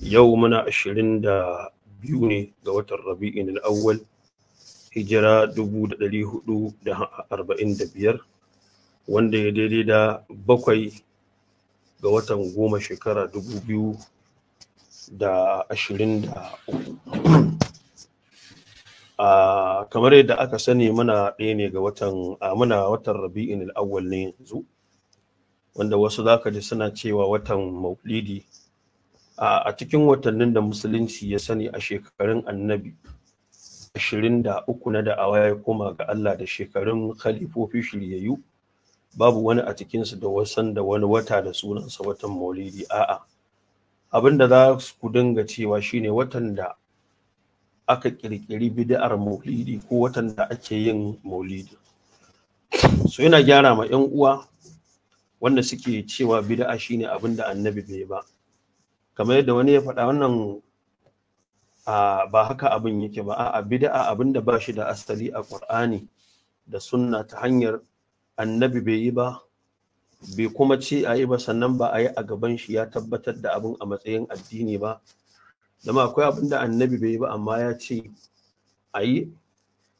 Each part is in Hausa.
yau muna ashirin da biyu ne ga watan rabi'in al'awwal hijira dubu da ɗari hudu da arba'in da biyar wanda ya daidai da bakwai ga watan goma shekara dubu biyu da ashirin da uku kamar yadda aka sani muna ɗaya ne ga watan muna watan rabi'in al'awwal ne yanzu wanda wasu za ka ji suna cewa watan maulidi a cikin watannin da musulunci ya sani a shekarun annabi ashirin da uku na da'awa ya koma ga Allah da shekarun khalifofi shiryayyu babu wani a cikinsu da wasan da wani wata da sunansa watan maulidi a'a abin da za ku dinga cewa shine watan da aka kirkiri bid'ar maulidi ko watan da ake yin maulidi so yana gyara ma 'yan uwa wanda suke cewa bid'a shine abin da annabi bai ba kamar yadda wani ya faɗa wannan ba haka abin yake ba a bid'a abin da ba shi da asali a ƙur'ani da sunna ta hanyar annabi bai yi ba bai kuma ce a yi ba sannan ba a yi a gaban shi ya tabbatar da abin a matsayin addini ba dama akwai abin da annabi bai yi ba amma ya ce a yi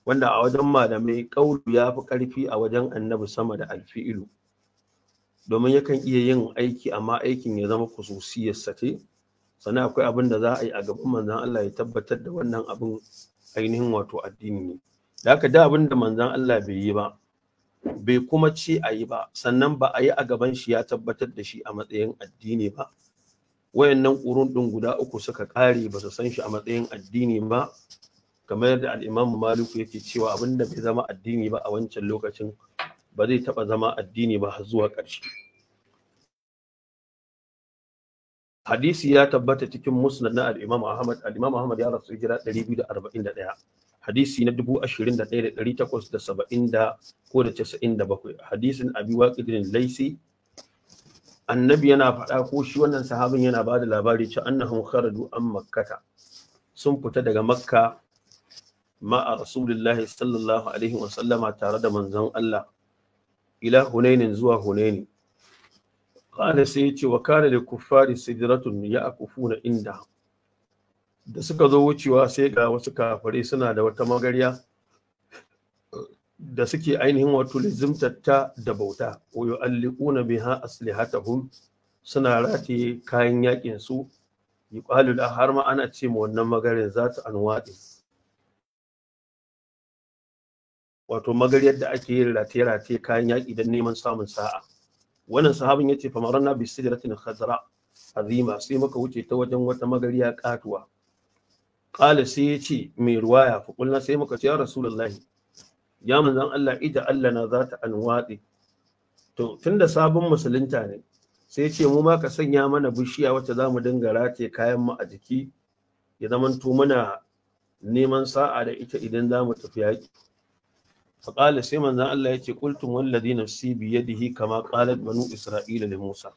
wanda a wajen malamai ƙaulu ya fi ƙarfi a wajen annabi sama da alfi'ilu domin yakan iya yin aiki amma aikin ya zama khususiyarsa ce sannan akwai abin da za a yi a gaban manzan Allah ya tabbatar da wannan abin ainihin wato addini ne da haka da abin da manzan Allah bai yi ba bai kuma ce a yi ba sannan ba a yi a gaban shi ya tabbatar da shi a matsayin addini ba wayannan ƙurun ɗin guda uku suka kare ba su san shi a matsayin addini ba kamar yadda al'imam maliku yake cewa abin da bai zama addini ba a wancan lokacin ba zai taɓa zama addini ba zuwa ƙarshe hadisi ya tabbata cikin musnad na al-imam ahmad al-imam ahmad ya rasu hijira 241 hadisi na 21870 ko da 97 hadisin abi waqidin laisi annabi yana faɗa ko shi wannan sahabin yana ba da labari cewa annahum kharaju an makkata sun fita daga makka ma'a rasulillahi sallallahu alaihi wa sallama tare da manzon Allah ila hunainin zuwa hunaini qala sai ya ce wa kana da kuffari sidratun na inda da suka zo wucewa sai ga wasu kafare suna da wata magarya da suke ainihin wato lizimtatta da bauta wa yu'alliquna biha aslihatahum suna rataye kayan yakin su da har ma ana ce wannan magarin zata anwaɗi wato magaryar da ake yin rataye-rataye kayan yaƙi don neman samun sa'a wannan sahabin ya ce famaran na bisidratin khazra azima sai muka wuce ta wajen wata magariya katuwa ƙala sai ya ce mai ruwaya fa sai muka ce ya rasulullahi ya manzan Allah ija Allah na zata anwadi to tunda sabon musulunta ne sai ya ce mu ma ka sanya mana bishiya wacce za mu dinga rataye kayan mu a jiki ya zamanto muna neman sa'a da ita idan za mu tafi yaƙi faƙala sai Manza Allah ya ce ƙultun wallazi nafsi biyadihi kama ƙalat banu isra'ila da musa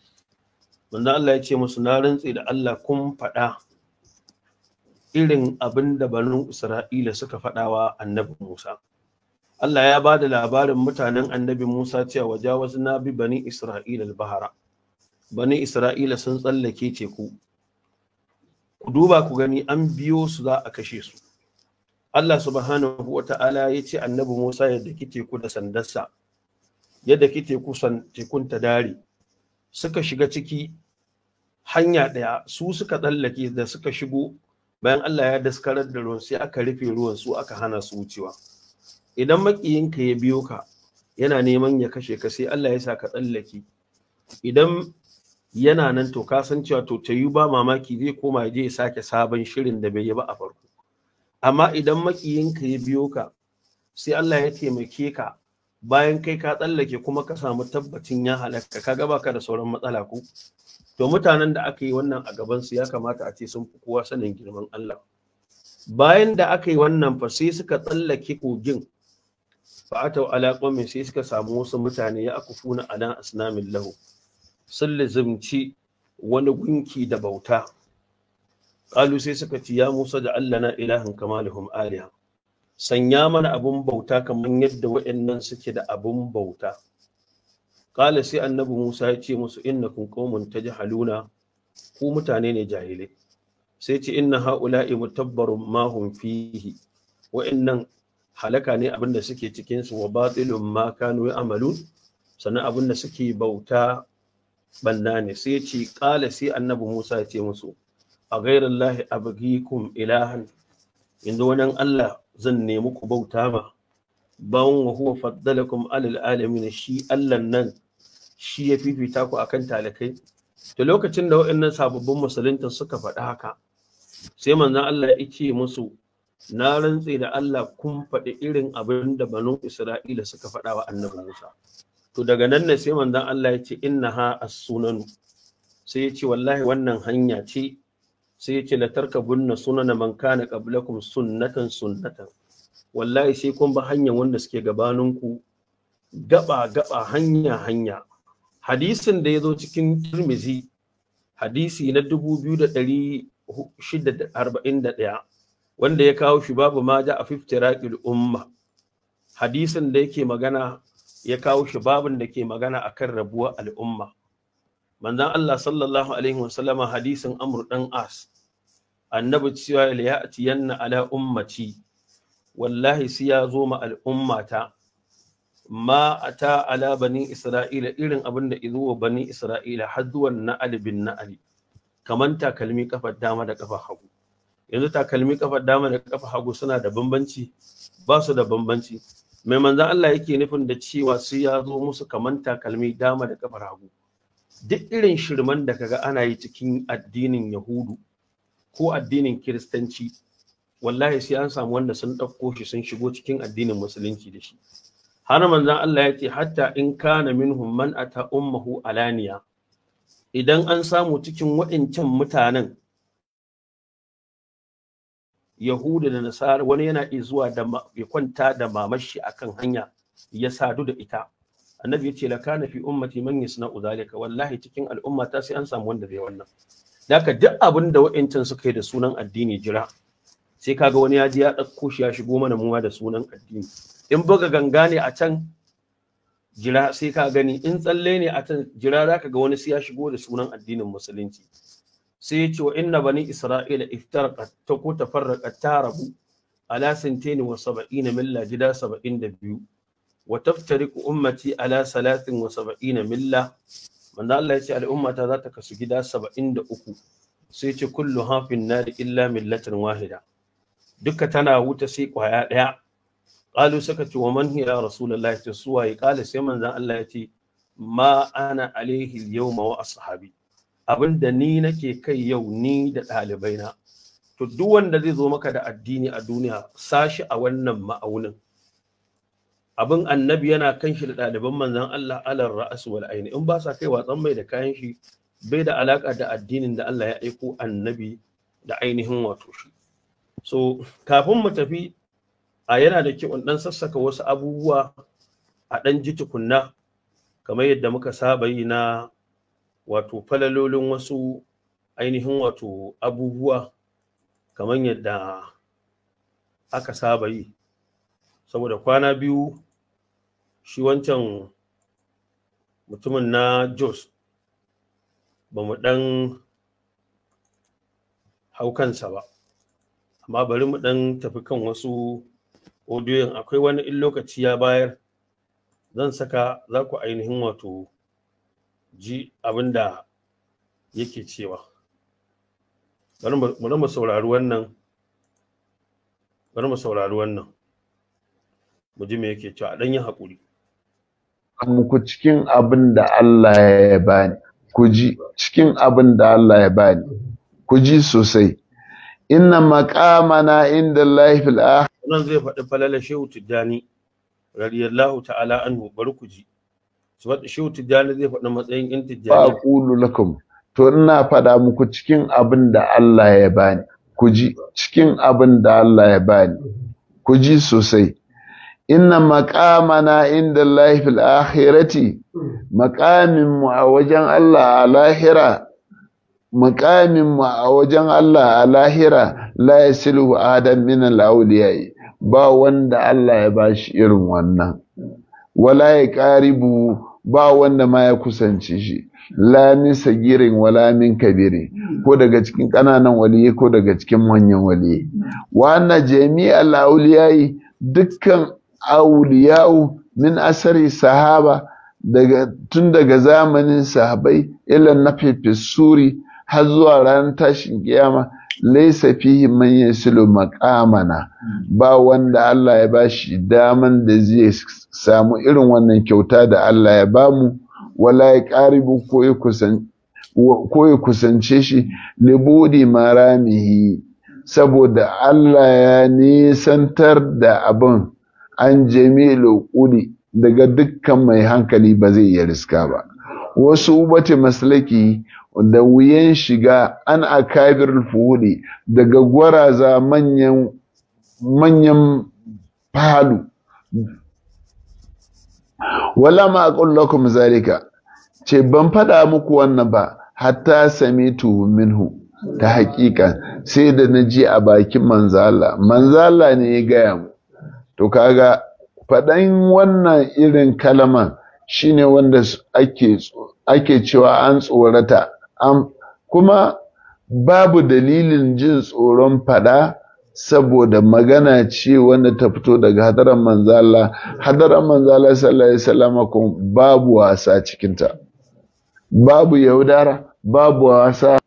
manzan Allah ya ce musu na rantse da Allah kun faɗa irin abinda da isra'ila suka faɗawa annabi musa Allah ya ba da labarin mutanen annabi Musa cewa wasu na bi bani Isra'ila bahara bani Isra'ila sun tsallake ceku. ku duba ku gani an biyo su za a kashe su Allah subhanahu wa ta'ala ya ce annabi Musa yadda daki teku da sandarsa yadda kite ku san tekun ta dare suka shiga ciki hanya ɗaya su suka tsallake da suka shigo bayan Allah ya daskarar da ruwan sai aka rufe ruwan su aka hana su wucewa idan makiyinka ya biyo ka yana neman ya kashe ka sai Allah ya sa ka tsallake idan yana nan to ka san cewa to ta yi ba mamaki zai koma ya je ya sake sabon shirin da bai yi ba a farko amma idan makiyinka ya biyo ka sai Allah ya taimake ka bayan kai ka tsallake kuma ka samu tabbacin ya halaka ka gaba ka da sauran matsala ko to mutanen da aka yi wannan a gaban su ya kamata a ce sun fi kowa sanin girman Allah bayan da aka yi wannan fa sai suka tsallake kogin fa atau ala qaumin sai suka samu wasu mutane ya akufuna ala asnamin lahu sun lizimci wani gunki da bauta ƙalu sai suka ce ya Musa da Allah na ilahan kamalahum aliha sanya mana abin bauta kamar yadda waɗannan suke da abun bauta ƙala sai annabi Musa ya ce musu ta ji Haluna, ku mutane ne jahilai sai ce inna ha'ula mutabbarun ma hum fihi wa'annan halaka ne abin da suke cikin su wa batilun ma kanu ya'malun sannan abin da suke bauta banna ne sai ce qala sai annabi Musa ya ce musu a gairar lahi abugikum ilahan yanzu wani Allah zan nemi ku bauta ba bawan wa huwa faddalakum alal alamin shi Allah nan shi ya fifita ku akan talakai to lokacin da waɗannan sababbin musulunta suka faɗa haka sai manzon Allah ya ce musu na rantse da Allah kun faɗi irin abin da banu Isra'ila suka faɗa wa annabi Musa to daga nan ne sai manzon Allah ya ce innaha as-sunan sai ya ce wallahi wannan hanya ce sai ya ce la tarkabunna sunana man kana qablakum sunnatan sunnatan wallahi sai kun ba hanyar wanda suke gabaninku gaba gaba hanya hanya hadisin da ya zo cikin Tirmizi hadisi na 2641 wanda ya kawo shi babu maja ja a fiftiraqil umma hadisin da yake magana ya kawo shi babin da ke magana akan rabuwar al'umma manzon Allah sallallahu alaihi wasallama hadisin Amr dan As annabi cewa ya atiyanna ala ummati wallahi sai ya zo ma al'ummata ma ata ala bani isra'ila irin abin da izo wa bani isra'ila hadduwan na'al bin na'al kaman takalmi kafar dama da kafar hagu yanzu takalmi kafar dama da kafar hagu suna da bambanci ba su da bambanci mai manzan Allah yake nufin da cewa su ya zo musu kaman takalmi dama da kafar hagu duk irin shirman da kaga ana yi cikin addinin yahudu ko addinin kiristanci wallahi sai an samu wanda sun ɗauko shi sun shigo cikin addinin musulunci da shi har manzon Allah ya ce hatta in kana minhum man ata ummuhu alaniya idan an samu cikin waɗancan mutanen Yahudu da Nasara wani yana zuwa da ya kwanta da mamashi akan hanya ya sadu da ita annabi ce la kana fi ummati man yasna'u zalika wallahi cikin al'umma ta sai an samu wanda bai wannan haka duk abin da wa'ancan suka yi da sunan addini jira sai kaga wani ya ji ya ɗauko shi ya shigo mana muwa da sunan addini in buga ganga ne a can jira sai ka gani in tsalle ne a can jira zaka ga wani sai ya shigo da sunan addinin musulunci sai ya ce wa inna bani isra'ila iftarqat ta ko ta rabu ala sintaini wa sab'ina milla gida saba'in da biyu wa taftariqu ummati ala salatin wa sab'ina milla manzo Allah ya ce al'ummata za ta kasu gida saba'in da uku. sai ce kullu hafin nari illa millatan wahida duka tana wuta sai kwaya ɗaya. qalu saka ce wa man hiya rasulullahi ta suwaye qala sai manzon Allah ya ce ma ana alaihi al-yawma wa abinda ni nake kai yau ni da ɗalibaina to duk wanda zai zo maka da addini a duniya sashi a wannan ma'aunin abin annabi yana kan shi da ɗaliban manzan Allah alar ra'as wal aini in ba sa kai watsan mai da kayan shi bai da alaka da addinin da Allah ya aiko annabi da ainihin wato shi so kafin mu tafi a yana da kyau dan sassaka wasu abubuwa a dan ji tukunna kamar yadda muka saba yi na wato falalolin wasu ainihin wato abubuwa kamar yadda aka saba yi saboda kwana biyu shi wancan mutumin na jos ba mu ɗan haukansa ba amma bari mu ɗan tafi kan wasu odiyon akwai wani in lokaci ya bayar zan saka za ku ainihin wato ji abin da yake cewa bari mu saurari wannan bari mu saurari wannan mu ji me yake cewa a ɗanyen haƙuri muku cikin abin da Allah ya bani ku ji cikin abin da Allah ya bani ku ji sosai inna maqamana inda lafil fil akhirah zai faɗi falala shehu tijani radiyallahu ta'ala anhu bari ku ji shehu tijani zai faɗi matsayin in tijani ba aqulu lakum to ina faɗa muku cikin abin da Allah ya bani ku ji cikin abin da Allah ya bani ku ji sosai inna maƙamana inda lahifil akhirati maƙaminmu a wajen Allah a lahira maƙaminmu a wajen Allah a lahira la ya silu adam min al'auliyai ba wanda Allah ya bashi irin wannan wala ya ƙaribu ba wanda ma ya kusance shi min sagirin wala min kabiri ko daga cikin ƙananan waliyi ko daga cikin manyan waliyi wa jami'a jami'al auliyai dukkan auliyau min asari sahaba daga tun daga zamanin sahabai ila na suri har zuwa ranar tashin kiyama laisa fihi man yasilu maqamana ba wanda Allah ya bashi daman da zai samu irin wannan kyauta da Allah ya bamu wala ya qaribu ko kusan ko ya kusance shi libudi maramihi saboda Allah ya nisantar da abun. an jami'il quli daga dukkan mai hankali ba zai iya riska ba wasu ubati maslaki da wuyan shiga an akabir fuhuli daga gwaraza manyan manyan fahalu wala ma lakum zalika ce ban fada muku wannan ba hatta sami minhu ta hakika sai da na ji a bakin manzala manzala ne ya gaya mu to kaga faɗan wannan irin kalaman shine wanda ake ake cewa an tsorata am, kuma babu dalilin jin tsoron faɗa saboda magana ce wanda ta fito daga hadarar manzala hadarar manzala sallallahu alaihi wasallam babu wasa cikinta babu yaudara babu wasa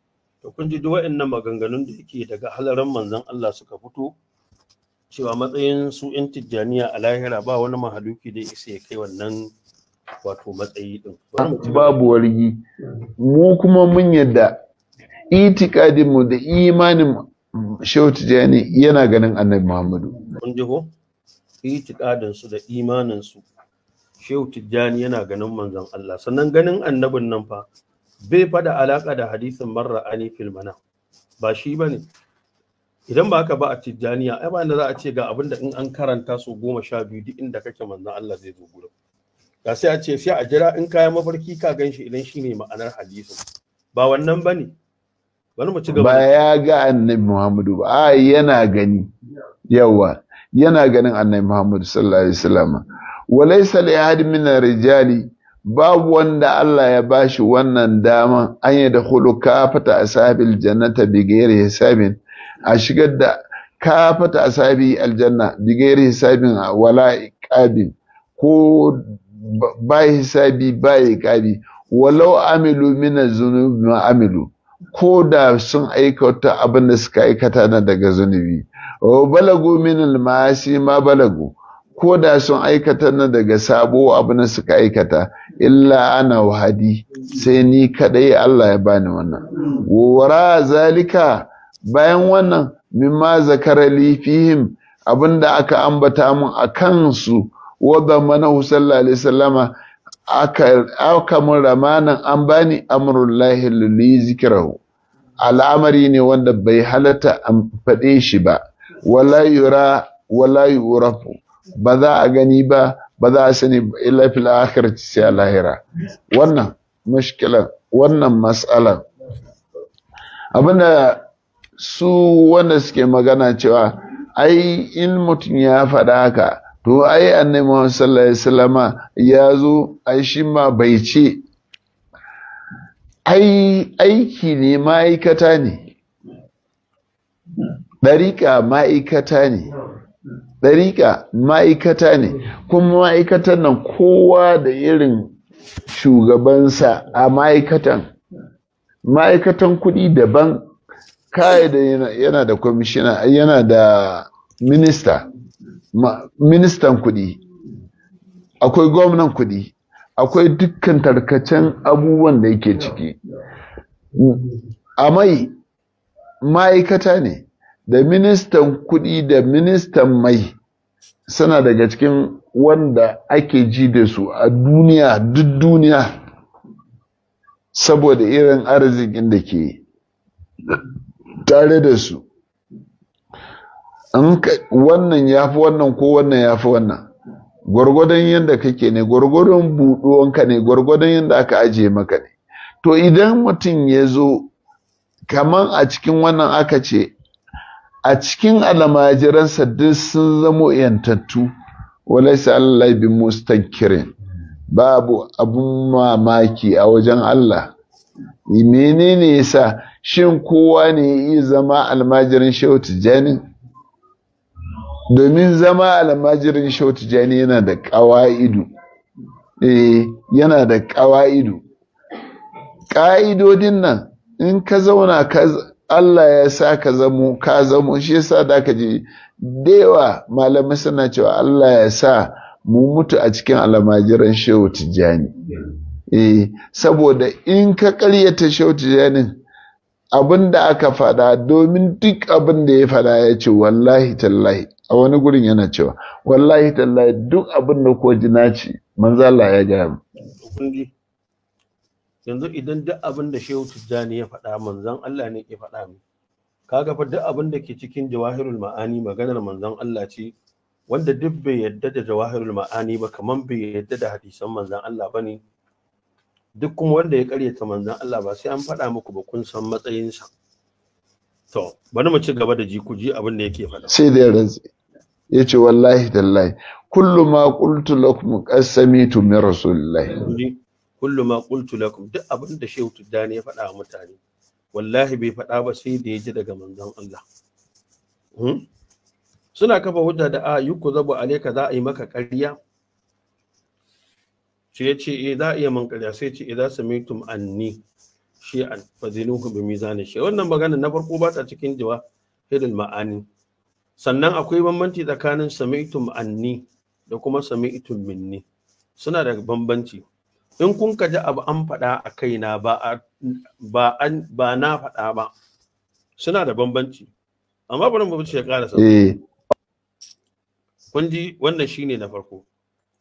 to kun ji duk maganganun da yake daga halaran manzon Allah suka fito cewa matsayin su 'yan tijjaniya a lahira ba wani mahaluki da isa ya kai wannan wato matsayi din. Babu wargi, mu kuma mun yadda itikadinmu da imanin Shehu Tijjani yana ganin Annabi Muhammadu. Kun ji ko? Itikadinsu da imaninsu Shehu Tijjani yana ganin manzon Allah. Sannan ganin annabin nan fa bai fada alaka da hadisin marra ani filmana. Ba shi bane. idan ba haka ba a tijjaniya ai ba inda za a ce ga abin da in an karanta su goma sha biyu duk inda kake manzo Allah zai zo gurin ga sai a ce sai a jira in kayan mafarki ka gan shi idan shine ma'anar hadisin ba wannan ba ne mu ci gaba ba ya ga annabi Muhammadu ba a yana gani yawa yana ganin annabi Muhammadu sallallahu alaihi wasallam walaysa li ahad min rijali babu wanda Allah ya bashi wannan dama an yi da hulu kafata ashabil jannata bi ghairi hisabin a shigar da kafata asabi aljanna bigayar hisabin a wala iqabin ko ba hisabi ba ikabi walau amilu mina zunubi ma amilu ko da sun aikata abin da suka aikata na daga zunubi balagu min masi ma balagu ko da sun aikata na daga sabo abin da suka aikata illa ana wahadi sai ni kadai Allah ya bani wannan wa wara zalika bayan wannan mimma zakara li fihim abinda aka ambata mun a kansu wadda manahu sallallahu alaihi wasallama aka aka mun ramanan an bani amrullahi li zikrahu al'amari ne wanda bai halatta an faɗe shi ba wala yura wala yurafu ba za a gani ba ba za a sani illa fil akhirati sai lahira wannan mushkilan wannan mas'alan abinda su wanda suke magana cewa ai in mutum ya faɗa haka to ai annabi Muhammad sallallahu alaihi wasallam ya zo ai shi ma bai ce ai aiki ne ma'aikata ne ɗariƙa ma'aikata ne ɗariƙa ma'aikata ne kuma ma'aikatan nan kowa da irin shugabansa a ma'aikatan ma'aikatan kuɗi daban kai da yana da kwamishina yana da minista ministan kuɗi akwai gwamnan kuɗi akwai dukkan tarkacen abubuwan da yake ciki a mai ma'aikata ne da ministan kuɗi da ministan mai suna daga cikin wanda ake ji da su a duniya duk duniya saboda irin arzikin da ke tare da su wannan ya fi wannan ko wannan ya fi wannan gwargwadon yadda kake ne gwargwadon buɗuwanka ne gwargwadon yadda aka ajiye maka ne to idan mutum ya zo kaman a cikin wannan aka ce a cikin alamajiransa duk sun zamo yantattu walaisa Allah bi mustankirin babu abun mamaki a wajen Allah menene yasa shin kowa ne ya iya zama almajirin shautu jani? domin zama almajirin shautu jani yana da ƙawa'idu eh yana da ƙawa'idu ƙa'idodin nan in ka zauna ka Allah ya sa ka zamo ka zamo shi yasa da ka ji dewa malamai suna cewa Allah ya sa mu mutu a cikin almajiran shautu jani. eh saboda in ka ƙaryata shautu janin, abin da aka faɗa domin duk abin da ya faɗa ya ce wallahi tallahi a wani gurin yana cewa wallahi tallahi duk abin da ko jina ce, manzo Allah ya gaya ba. yanzu idan duk abin da Shehu Tijjani ya faɗa manzon Allah ne ke faɗa mu kaga fa duk abin da ke cikin jawahirul ma'ani maganar manzon Allah ce wanda duk bai yadda da jawahirul ma'ani ba kaman bai yadda da hadisan manzon Allah bane duk kuma wanda ya karyata manzon Allah ba sai an faɗa muku ba kun san matsayinsa to bari mu ci gaba da ji ku ji abin da yake faɗa sai da ya rantsi ya ce wallahi tallahi kullu ma qultu lakum qasamitu min rasulillahi kullu ma qultu lakum duk abin da Shehu Tuddani ya faɗa wa mutane wallahi bai faɗa ba sai da ya ji daga manzon Allah hmm? suna kafa hujja da a yi ku zabu alaika za a yi maka ƙarya Eh, sai ya ce eh, za a iya man ƙarya sai ce idan samitum anni shi an fadiluhu bi mizanin shi wannan magana na farko ba ta cikin jiwa hidil ma'ani sannan akwai bambanci tsakanin samitum anni da kuma samitum minni suna da bambanci in kun kaji abu an faɗa a kaina ba ba an ba na faɗa ba suna da bambanci amma bari mu wuce ya ƙara eh. kun ji wannan shine na farko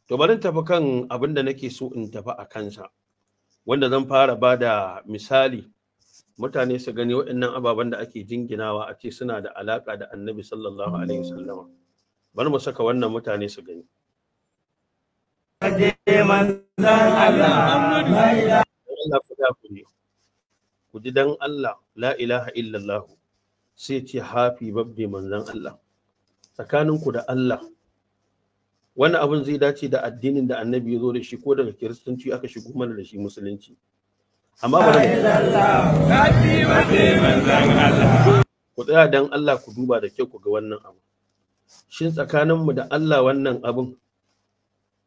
to bari tafi kan abin da nake so in tafi a kansa wanda zan fara ba da misali mutane su gani waɗannan ababen da ake jinginawa a ce suna da alaƙa da annabi sallallahu alaihi wasallama bari mu saka wannan mutane su gani ku ji dan Allah la ilaha illallahu, sai ce hafi babbe manzan Allah tsakaninku da Allah wannan abin zai dace da addinin da annabi ya zo da shi ko daga kiristanci aka shigo mana da shi musulunci amma ba ku tsaya dan Allah ku duba da kyau ku ga wannan abu shin tsakanin mu da Allah wannan abun?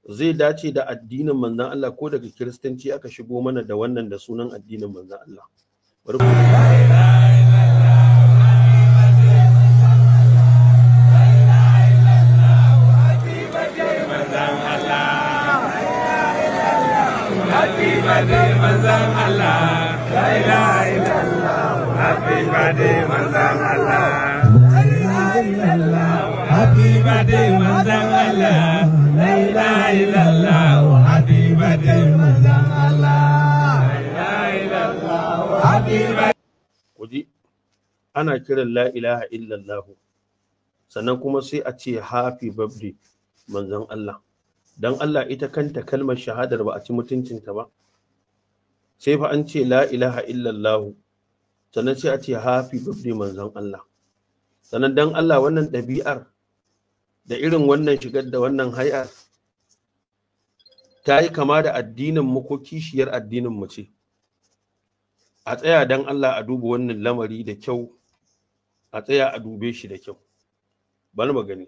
zai dace da addinin manzon Allah ko daga kiristanci aka shigo mana da wannan da sunan addinin manzon Allah bari ku بعدي منزل الله لا إله إلا الله حبي بعدي منزل الله لا إله إلا الله حبي بعدي منزل الله لا إله إلا الله حبي بعدي منزل الله لا الله حبي بعدي ana kiran la ilaha illallahu happy Allah Allah sai fa an ce la ilaha illallah sannan sai a ce hafi birthday manzon Allah sannan dan Allah wannan ɗabi'ar da irin wannan shigar da wannan hay'ar ta yi kama da addinin mu ko kishiyar addinin mu ce a tsaya dan Allah a duba wannan lamari da kyau a tsaya a dube shi da kyau bani magani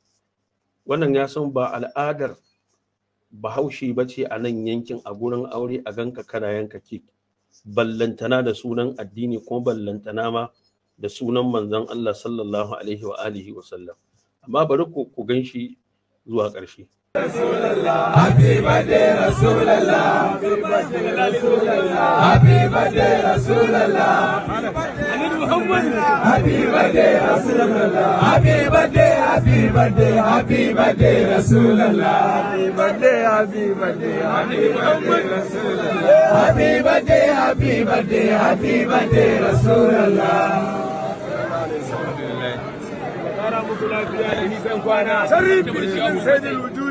wannan ya san ba al'adar bahaushe ba ce a nan yankin a gurin aure a ganka kana yanka kek ballantana da sunan addini kuma ballantana ma da sunan manzon Allah sallallahu alaihi wa alihi wa sallam amma bari ku gan shi zuwa ƙarshe Happy birthday Rasulallah Happy birthday Rasulallah Happy birthday Rasulallah Happy birthday Happy birthday Happy birthday Rasulallah Happy birthday Happy birthday Happy birthday Rasulallah Happy birthday Happy birthday Happy birthday Rasulallah Alhamdulillah. Alhamdulillah.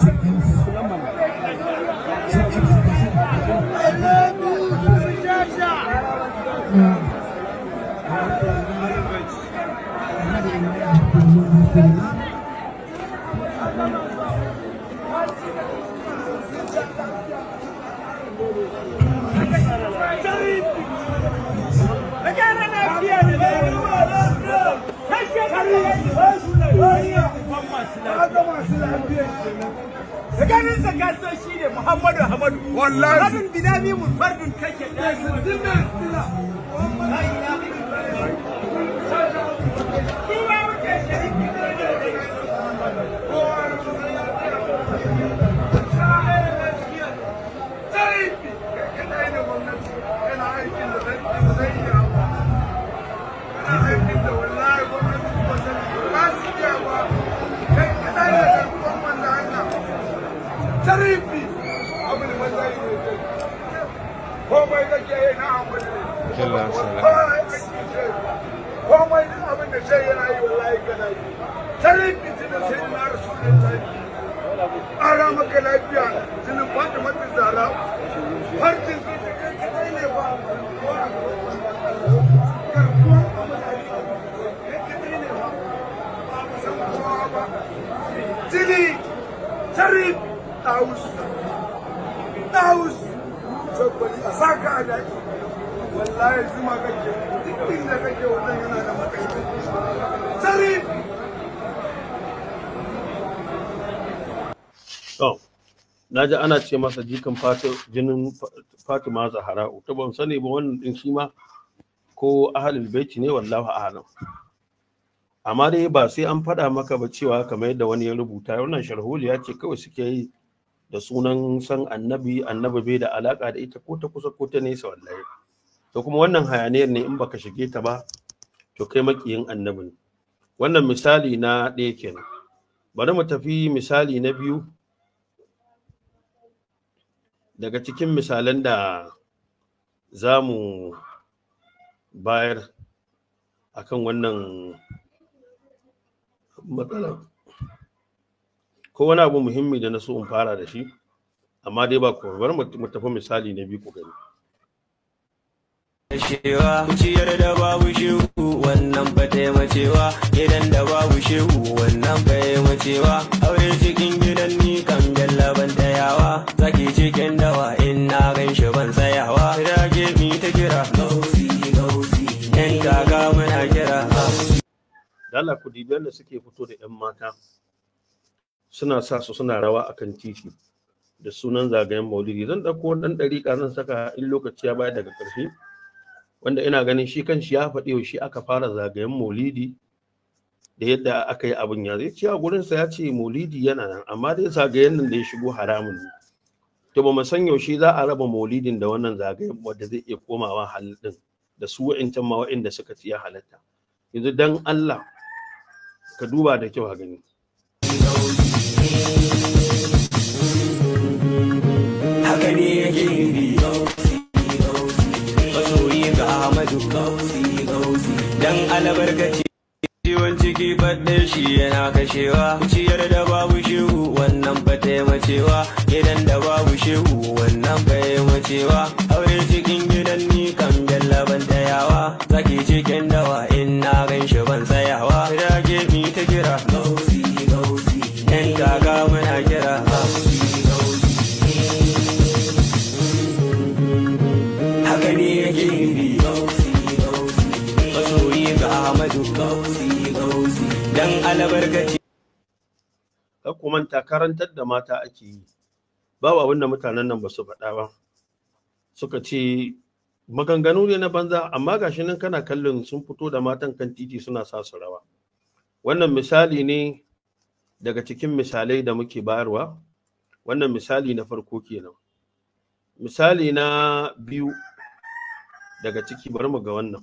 Senin tsakanin sa ka san shi Muhammadu Ahmadu wallahi hadin bidami mun fardun kake da كلا وما أبن شيء أي والله كذا سليم مثل سيدنا رسول الله آرام كلا بيان سلم فاطمة الزهراء هر چیز کو ٹکٹ نہیں لے پا جلی شریف تاؤس تاؤس na ji ana ce masa jikan jinin fatima zahara'u ta ban sani ba wannan din shi ma ko ahalul baiti ne wallahu a'lam amma dai ba sai an faɗa maka ba cewa kamar yadda wani ya rubuta wannan ya ce kawai suke yi da sunan san annabi annabi bai da alaka da ita ko ta kusa ko ta nesa wallahi to kuma wannan hayaniyar ne in baka shige ta ba to kai makiyin annabi ne wannan misali na ɗaya kenan bari mu tafi misali na biyu daga cikin misalan da za mu bayar akan wannan matsalar ko wani abu muhimmi da na so in fara da shi amma dai ba ku bari mu tafi misali na biyu ku gani shewa ciyar da babu shehu wannan ba taimacewa gidan da babu shehu wannan ba taimacewa aure cikin gidan ni kan galla ban tayawa zaki cikin dawa in na gan shi ban tsayawa rage mi ta kira gauzi gauzi yan kaga muna kira Allah ku dibiyar da suke fito da yan mata suna sa su suna rawa a kan titi da sunan zagayen maulidi zan ɗauko wannan ɗariƙa zan saka in lokaci ya baya daga ƙarshe wanda ina ganin shi kan shi ya faɗi shi aka fara zagayen maulidi da yadda aka yi abin ya zai ce a gurinsa ya ce maulidi yana nan amma dai zagayen nan da ya shigo haramun ne to ba mu san yaushe za a raba maulidin da wannan zagayen wanda zai iya komawa halittun da su wa'incan ma wa'inda suka ci ya halatta yanzu dan Allah ka duba da kyau a gani. haka ne yake yi masoyi ga Ahmadu dan albarkaci ciwon ciki faɗe shi yana kashewa ciyar da babu shehu wannan ba taimacewa gidan da babu shehu wannan ba taimacewa aure cikin gidan ni kan jallaban tayawa zaki cikin dawa in na gan ku manta karantar da mata ake yi babu abin da mutanen nan ba su faɗa ba suka ce maganganu ne na banza amma gashi nan kana kallon sun fito da matan kan titi suna sa su rawa wannan misali ne daga cikin misalai da muke bayarwa wannan misali na farko kenan misali na biyu daga ciki bari mu ga wannan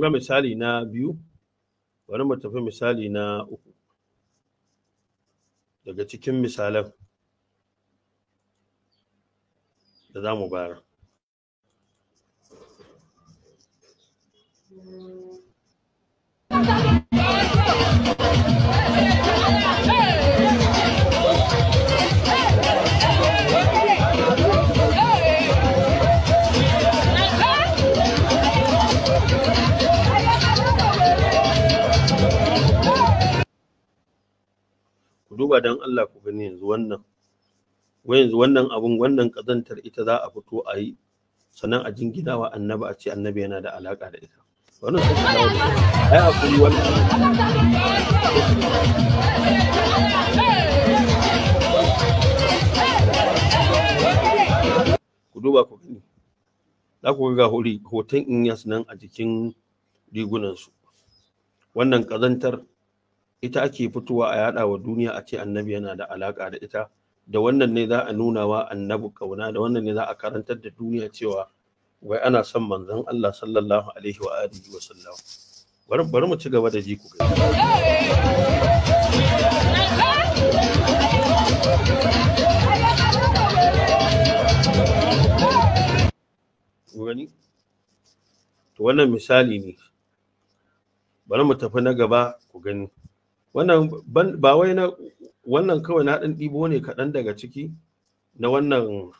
kun ga misali na biyu bari mu tafi misali na uku daga cikin misalan da za mu bayar Hey! duba don Allah ku gani yanzu wannan yanzu wannan abun wannan kazantar ita za a fito a yi sannan a jingina wa annabi a ce annabi yana da alaka da ita wannan sai da ai akwai wannan ku duba ku gani za ku ga hoton inyas nan a jikin rigunansu wannan kazantar ita ake fitowa a yada wa duniya a ce annabi yana da alaka da ita da wannan ne za a nuna wa annabi kauna da wannan ne za a karantar da duniya cewa wai ana son manzon Allah sallallahu alaihi wa alihi wa sallam bari bari mu ci gaba da ji ku gani to wannan misali ne bari mu tafi na gaba ku gani wannan ba wai na wannan kawai na ɗan ɗibo ne kaɗan daga ciki na wannan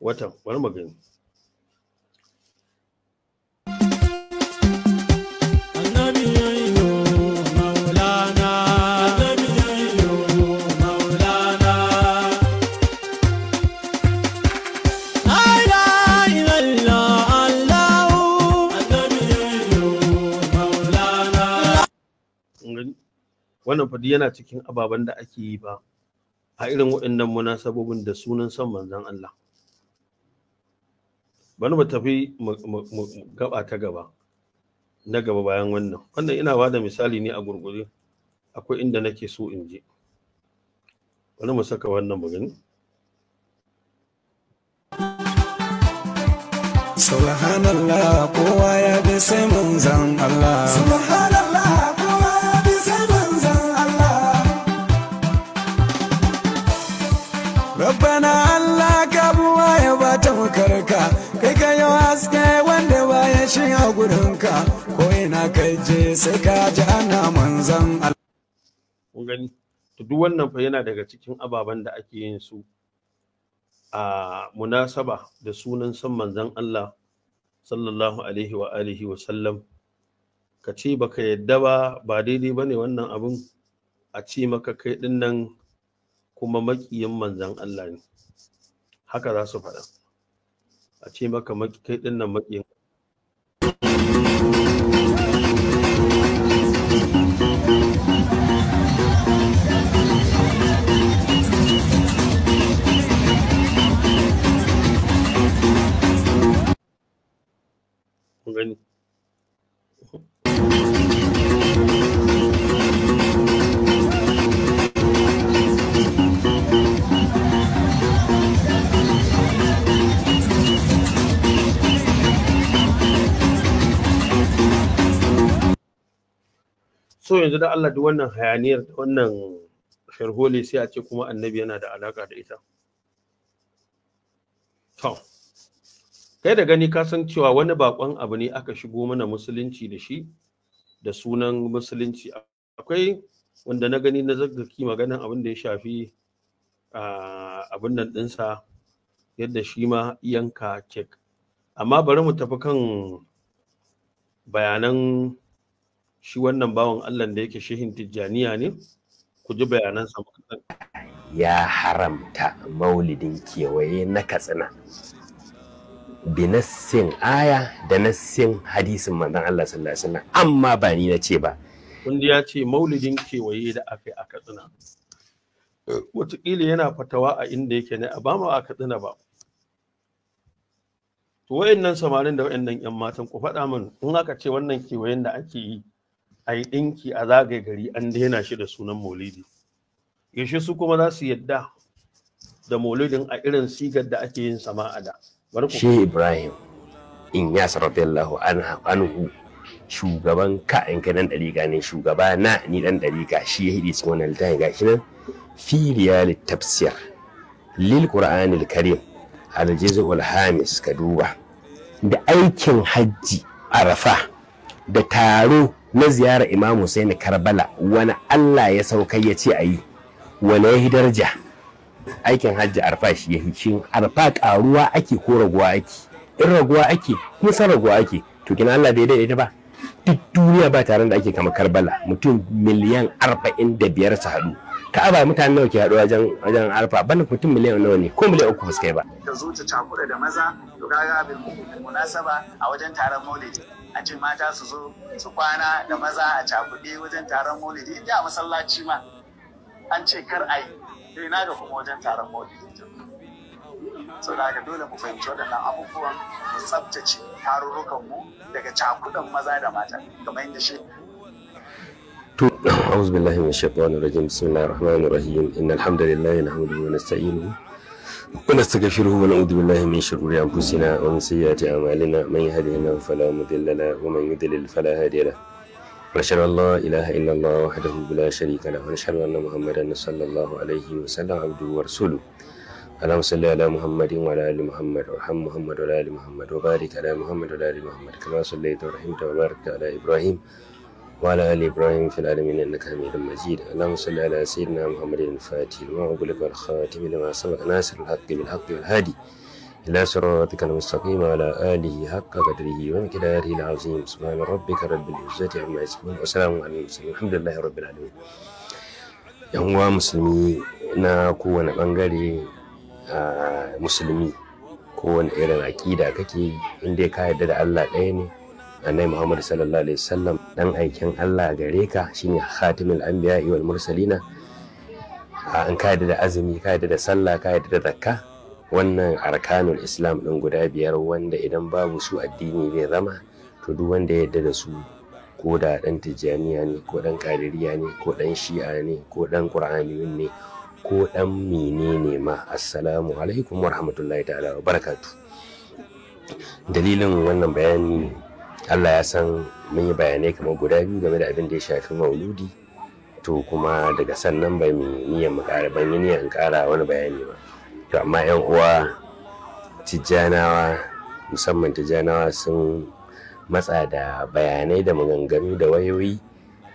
watan wani magani wannan fadi yana cikin ababen da ake yi ba a irin waɗannan munasabobin da sunan son manzon Allah bari mu tafi gaba ta gaba na gaba bayan wannan wannan ina ba da misali ne a gurgure akwai inda nake so in je Bani mu saka wannan magani subhanallah kowa ya bi sai mun Allah subhanallah na Allah ka buwa ya ba ta mukarka kai ka wa haske wanda ya shi a gudunka, ko ina kai je sai ka ji ana manzan Allah gani duk wannan fa yana daga cikin ababen da ake yin su a munasaba da sunan san manzan Allah sallallahu alaihi wa alihi wa sallam ka ce baka yadda ba ba daidai ba ne wannan abun a ce maka kai ɗinnan kuma makiyin manzan Allah ne haka za su faɗa a ce maka kai ɗin nan maƙiyin yanzu da Allah duk wannan hayaniyar wannan sharholi sai a ce kuma annabi yana da alaka da ita to kai da gani ka san cewa wani bakon abu ne aka shigo mana musulunci da shi da sunan musulunci akwai wanda na gani na zagaki maganin abin da ya shafi abin nan ɗinsa yadda shi ma yanka kek amma bari mu tafi kan bayanan shi wannan bawan Allah da yake shehin tijjaniya ne ku ji bayanansa ya haramta maulidin kewaye na katsina binassin aya da nassin hadisin manzon Allah sallallahu alaihi wasallam amma ba ni na ce ba kun ya ce maulidin kewaye da aka yi a katsina wataƙila yana fatawa a inda yake ne a bama a katsina ba to wayannan samarin da wayannan yan matan ku faɗa min in aka ce wannan kewayen da ake yi Ayi yi ɗinki a zagaye gari an daina shi da sunan maulidi yaushe su kuma za su yadda da maulidin a irin sigar da ake yin sama a da shi ibrahim in ya sarrafiyallahu anhu shugaban ka in ka dan ga ne shugaba na ni dan ga shi ya hidi cikin wannan littafin shi nan riyal tafsir lil qur'anil karim al hamis ka duba da aikin hajji arafa da taro na ziyara imam Hussein Karbala wani Allah ya saukai ya ce a yi wani ya yi darja aikin hajji arfa shi ya shi arfa karuwa ake ko raguwa ake in raguwa ake kuma san raguwa ake to kina Allah bai daidaita ba duk duniya ba tare da ake kama Karbala mutum miliyan arba'in da biyar su haɗu ka'aba mutane nawa ke haɗu wajen wajen arfa bana mutum miliyan nawa ne ko miliyan uku ba su kai ba ta zo ta da maza to kaga bil munasaba a wajen taron maulidi a ce mata su zo su kwana da maza a cakuɗe wajen taron maulidi inda a masallaci ma an ce kar a yi dai eh, na ga kuma wajen taron maulidi so da haka dole mu fahimci waɗannan abubuwan mu tsabtace tarurrukanmu daga cakuɗan maza da mata kamar yadda shi أعوذ بالله من الشيطان الرجيم بسم الله الرحمن الرحيم إن الحمد لله نحمده ونستعينه ونستغفره ونعوذ بالله من شرور أنفسنا ومن سيئات أعمالنا من يهده الله فلا مضل له ومن يضلل فلا هادي له ونشهد أن لا إله إلا الله وحده لا شريك له ونشهد أن محمدا صلى الله عليه وسلم عبده ورسوله اللهم صل على محمد وعلى ال محمد وارحم محمد وعلى ال محمد وبارك على محمد وعلى ال محمد كما صليت ورحمت وباركت على ابراهيم Wa'alala Ibrahim Fiddausi na kaminin majiyata, ala masu lalacewa, Sayyidina Muhammadin Fati, wa'ugurin kwalkwawa, tafi da nasir nasarar haƙƙi, min haƙƙi wa hadi. Ila siro wafi kanunsa kuma wala'adai haƙƙa ga dare, yawanki dari na azumi musulman, Rabi kar a bi duk zai taimaka. Wa Alhamdulillahi Rabi alhamdulilayhi. Ƴan uwa Musulmi na kowanne bangare Musulmi ko wani ɗaya na a ki da inda ka yarda da da Allah ɗaya ne. annabi muhammad sallallahu alaihi wasallam dan aikin allah gare ka shine khatimul anbiya wal mursalina an ah, kaida da azumi kaida da sallah kaida da zakka wannan arkanul islam din guda biyar wanda idan babu su addini zai zama to duk wanda ya yarda da su ko da dan tijjaniya ne ko dan kadiriya ne ko dan shi'a ne ko dan qur'aniyun ne ko dan menene ma assalamu alaikum warahmatullahi ta'ala wa barakatuh dalilin wannan bayani Allah ya san mun yi bayanai kamar guda biyu game da abin da ya shafi mauludi to kuma daga sannan bai mu niyyar mu ƙara ban yi niyyar ƙara wani bayani ba to amma yan uwa tijjanawa musamman tijjanawa sun matsa da bayanai da maganganu da wayoyi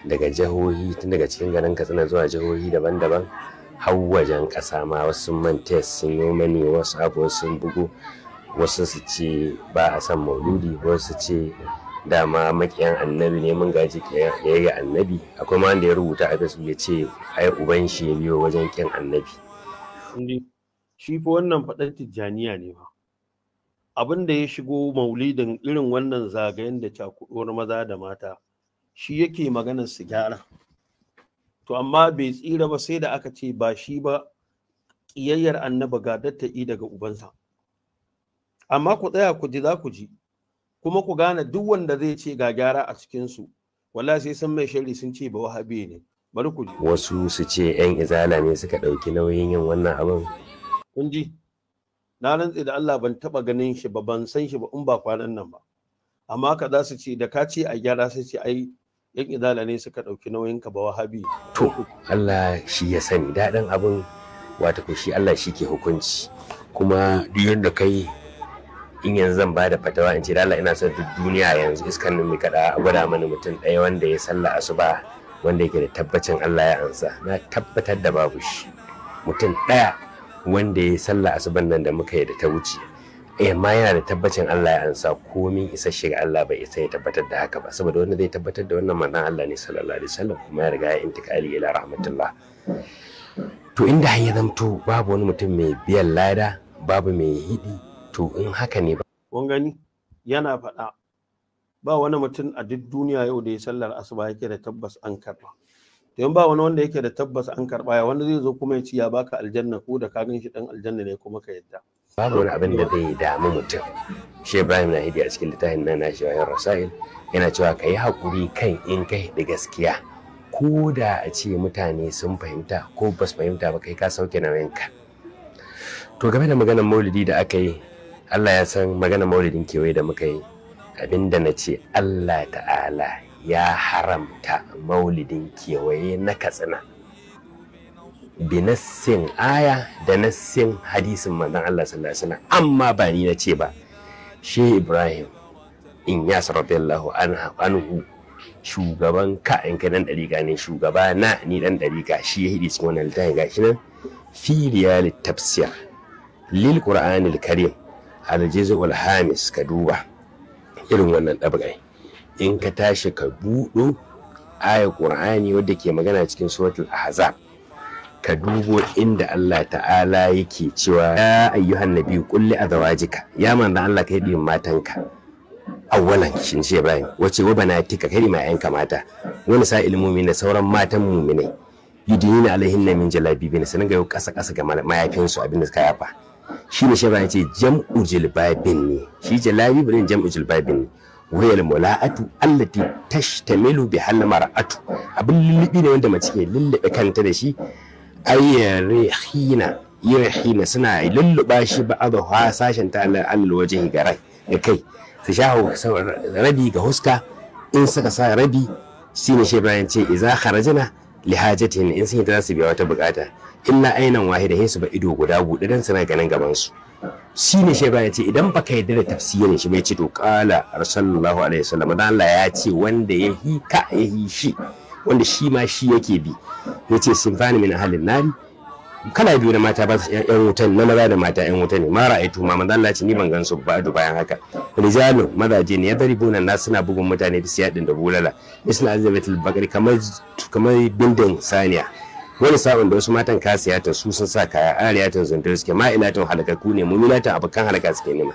daga jihohi tun daga cikin garin katsina zuwa jihohi daban-daban har wajen ƙasa ma wasu man sun yi mani wasu abu sun bugu wasu su ce ba a son mauludi wasu su ce dama makiyan annabi ne mun gaji kiyayya annabi akwai ma wanda ya rubuta a facebook ya ce ai uban shi ya biyo wajen kin annabi shi fa wannan faɗar tijjaniya ne ba. abin da ya shigo maulidin irin wannan zagayen da cakuɗuwar maza da mata shi yake maganar su gyara to amma bai tsira ba sai da aka ce ba shi ba ƙiyayyar annaba ga datta'i daga ubansa amma ku tsaya ku ji za ku ji kuma ku gane duk wanda zai ce ga gyara a cikinsu wala sai san mai shari sun ce ba wahabi ne bari ku ji wasu su ce yan izala ne suka ɗauki nauyin yin wannan abin kun ji na rantse da Allah ban taba ganin shi ba ban san shi ba in ba kwanan nan ba amma ka za su ce da ka ce a gyara sai ce ai yan izala ne suka ɗauki nauyin ka ba wahabi to Allah shi ya sani daɗin abin wata ko shi Allah shi ke hukunci kuma duk yanda kai in yanzu zan bada fatawa in ce lallai ina son duk duniya yanzu iskan nan mai kada a gwada mana mutum ɗaya wanda ya sallah asuba wanda yake da tabbacin Allah ya ansa na tabbatar da babu shi mutum ɗaya wanda ya sallah asuban nan da muka yi da ta wuce eh, amma yana da tabbacin Allah ya ansa komin isa shiga Allah bai isa ya tabbatar da haka ba saboda wanda zai tabbatar da wannan manzon Allah ne sallallahu alaihi wasallam kuma ya riga ya intikali ila rahmatullah to inda ya zamto babu wani mutum mai biyan lada babu mai hidi to in haka ne ba kun gani yana faɗa ba wani mutum a duk duniya yau da ya sallar asuba yake da tabbas an karba to ba wani wanda yake da tabbas an karba ya wanda zai zo kuma ya ci ya baka aljanna ko da ka gan shi dan aljanna ne kuma ka yadda babu wani abin da zai damu mutum shi ibrahim na hidi a cikin littafin na nashi wayar rasail yana cewa ka yi haƙuri kan in kai da gaskiya ko da a ce mutane sun fahimta ko ba su fahimta ba kai ka sauke na to game da maganar maulidi da aka yi Allah ya san magana maulidin kewaye da muka yi abinda na ce Allah ta'ala ya haramta maulidin kewaye na katsina binassin aya da nassin hadisin manzon Allah sallallahu alaihi wasallam amma ba ni na ce ba shi Ibrahim in ya anha anhu shugaban ka in ka dan dariga ne shugaba na ni dan dariga shi ya hidisi wannan littafin gashi nan fi riyalit tafsir lil qur'anil karim aljizul hamis ka duba irin wannan ɗab'ai in ka tashi ka buɗo ayar ƙur'ani wadda ke magana cikin suratul ahzab ka dubo inda Allah ta'ala yake cewa ya ayyuhan nabi kulli azwajika ya manzo Allah kai din matanka awwalan shin ce bayan wace wa banatika kai ma yanka mata wani sa ilmumi ne sauran matan mu'minai yudinina alaihinna min jalabi bin sanin ga kasa kasa ga mayafinsu abin da suka yafa shi ne shaba ya ce jam'u jilbabin ne shi jalabi bin jam'u jilbabin ne wayal mula'atu allati tashtamilu bi hal mar'atu abin lullubi ne wanda mace ke lullube kanta da shi ayyarihina yarihina suna lulluba shi ba abu ha sashen ta al wajen ga da kai su sha rabi ga huska in suka sa rabi shi ne shi bayan ce kharajna li lihajatin in sun yi ta za su biya wata bukata illa ainan wahida da su ba ido guda buɗe dan suna ganin gaban su shine shi ya ce idan baka yarda da tafsirin shi bai ce to qala sallallahu alaihi wasallam dan Allah ya ce wanda ya hi ka ya hi shi wanda shi ma shi yake bi yace sinfani min ahlin nari kala biyu na mata ba yan wutan na maza da mata yan wuta ne ma ra'aytu ma manzo Allah ce ni ban gan su ba da bayan haka rijalu mazaje ne ya daribuna na suna bugun mutane da siyadin da bulala isla azabatul bakari kamar kamar bindin saniya wani sabon da wasu matan kasiyata su sun sa kaya ariyatan zantar suke halakar halakaku ne muminatan abokan halaka suke nema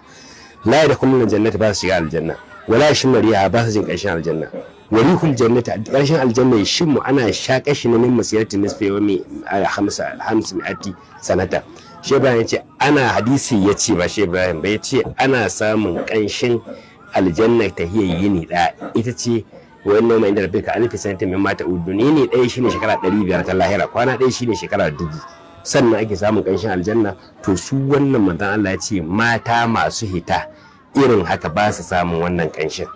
la da kullun jannati ba su shiga aljanna wala shin mariya ba su jin ƙarshen aljanna warihul jannati a ƙarshen aljanna shin mu ana sha kashi na min masirati nisfi wa mi hamsa sanata shi ibrahim ana hadisi ce ba shi yace ana samun kanshin aljanna ta hiyayi da ita ce wani noma inda rabbika alfi sanatin min mata Ni ne ɗaya shine shekara ɗari biyar ta lahira kwana ɗaya shine shekara dubu sannan ake samun ƙanshin aljanna to su wannan manzon Allah ya ce mata masu hita irin haka ba su samun wannan ƙanshin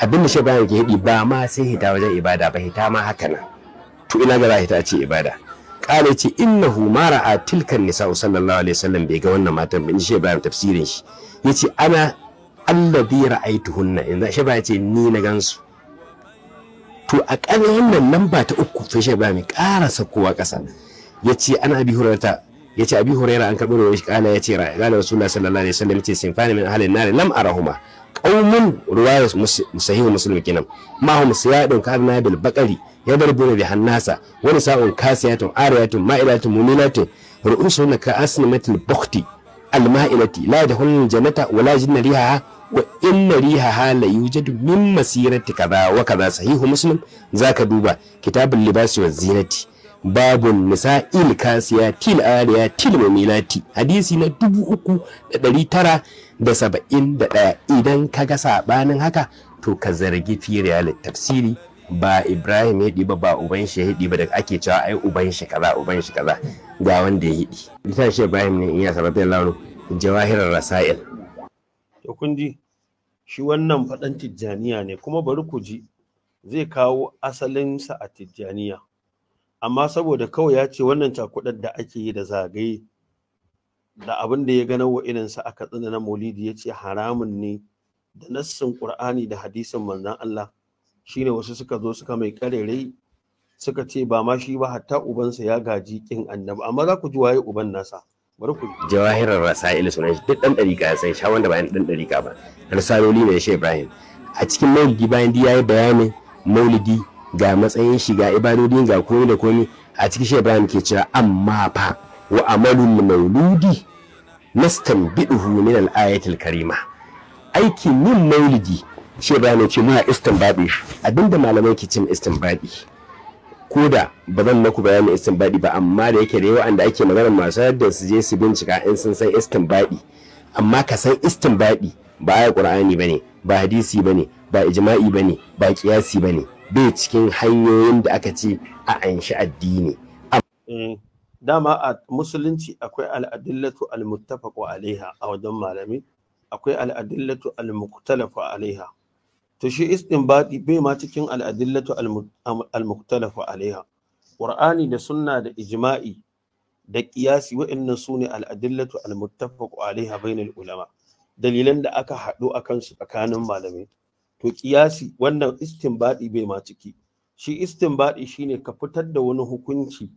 abin da shi bayan ke hidi ba ma sai hita wajen ibada ba hita ma haka nan to ina ga hita ce ibada kare ce innahu mara a tilkan nisa sallallahu alaihi wasallam bai ga wannan matan bin shi bayan tafsirin shi yace ana allazi ra'aytuhunna in za shi ba yace ni na gansu to akalla wannan lamba ta uku fashe ba mai ƙara sakowa ƙasa ya ce ana abi hurarta ya ce abi hurera an karɓi ruwan shi ƙala ya ce ƙala rasulullah sallallahu alaihi wasallam ya ce fani min ahalin nari lam arahuma qaumun ruwayar musahihu muslim kenan ma hum siyadun karna bil baqari yadarbuna bi hannasa wani sa'un kasiyatun ariyatun ma'ilatun muminatun ru'usun ka asnimatil bukhti al ma'ilati la hulun jannata wala jinna riha wa inna riha hala yujadu min masirati kaza wa kaza sahihu muslim zaka duba kitabul libasi wa zinati babun nisa'il kasiya til ariya til mamilati hadisi na dubu uku da dari tara da saba'in da ɗaya idan ka ga saɓanin haka to ka zargi fi tafsiri ba ibrahim ya ba uban shi ya ba da ake cewa ai uban shi kaza uban shi kaza ga wanda ya hidi litan shi ibrahim ne in ya sababi lauru jawahirar rasail to kun ji shi wannan faɗan tijjaniya ne kuma bari ku ji zai kawo asalinsa a tijjaniya amma saboda kawai ya ce wannan cakudar da ake yi da zagaye da abin da ya gana wa irinsa aka tsina na maulidi ya ce haramun ne da nassin qur'ani da hadisin manzon Allah shine wasu suka zo suka mai karerai suka ce ba ma shi ba hatta ubansa ya gaji kin annabi amma za ku ji waye uban nasa jawahirar rasa'il sunan shi duk dan dariƙa ya san sha wanda bayan dan dariƙa ba rasaloli ne shi ibrahim a cikin maulidi bayan ya yi bayanin maulidi ga matsayin shiga ga ibadodi ga komi da komai a cikin shi ibrahim ke cewa amma fa wa amalul mauludi nastanbiduhu min al-ayatil karima aikin yin maulidi shi ibrahim ya ce muna istinbadi abinda malamai ke cin istinbadi ko da ba zan maku bayanin istinbadi ba amma da yake da yawa ake magana masu yadda su je su bincika in sun san istinbadi amma ka san istinbadi ba aya qur'ani bane ba hadisi bane ba ijma'i bane ba kiyasi bane bai cikin hanyoyin da aka ce a anshi addini eh, dama a musulunci akwai al'adillatu al-muttafaqu alaiha a wajen malami akwai al'adillatu al-muktalafu alaiha to shi istinbati bai ma cikin al'adillatu al-muktalafu alaiha qur'ani da sunna da ijma'i da qiyasi inna sune al'adillatu al-muttafaqu alaiha bainal ulama dalilan da aka haɗu akan su tsakanin malamai to qiyasi wannan istinbati bai ma ciki shi istinbati shine ka fitar da wani hukunci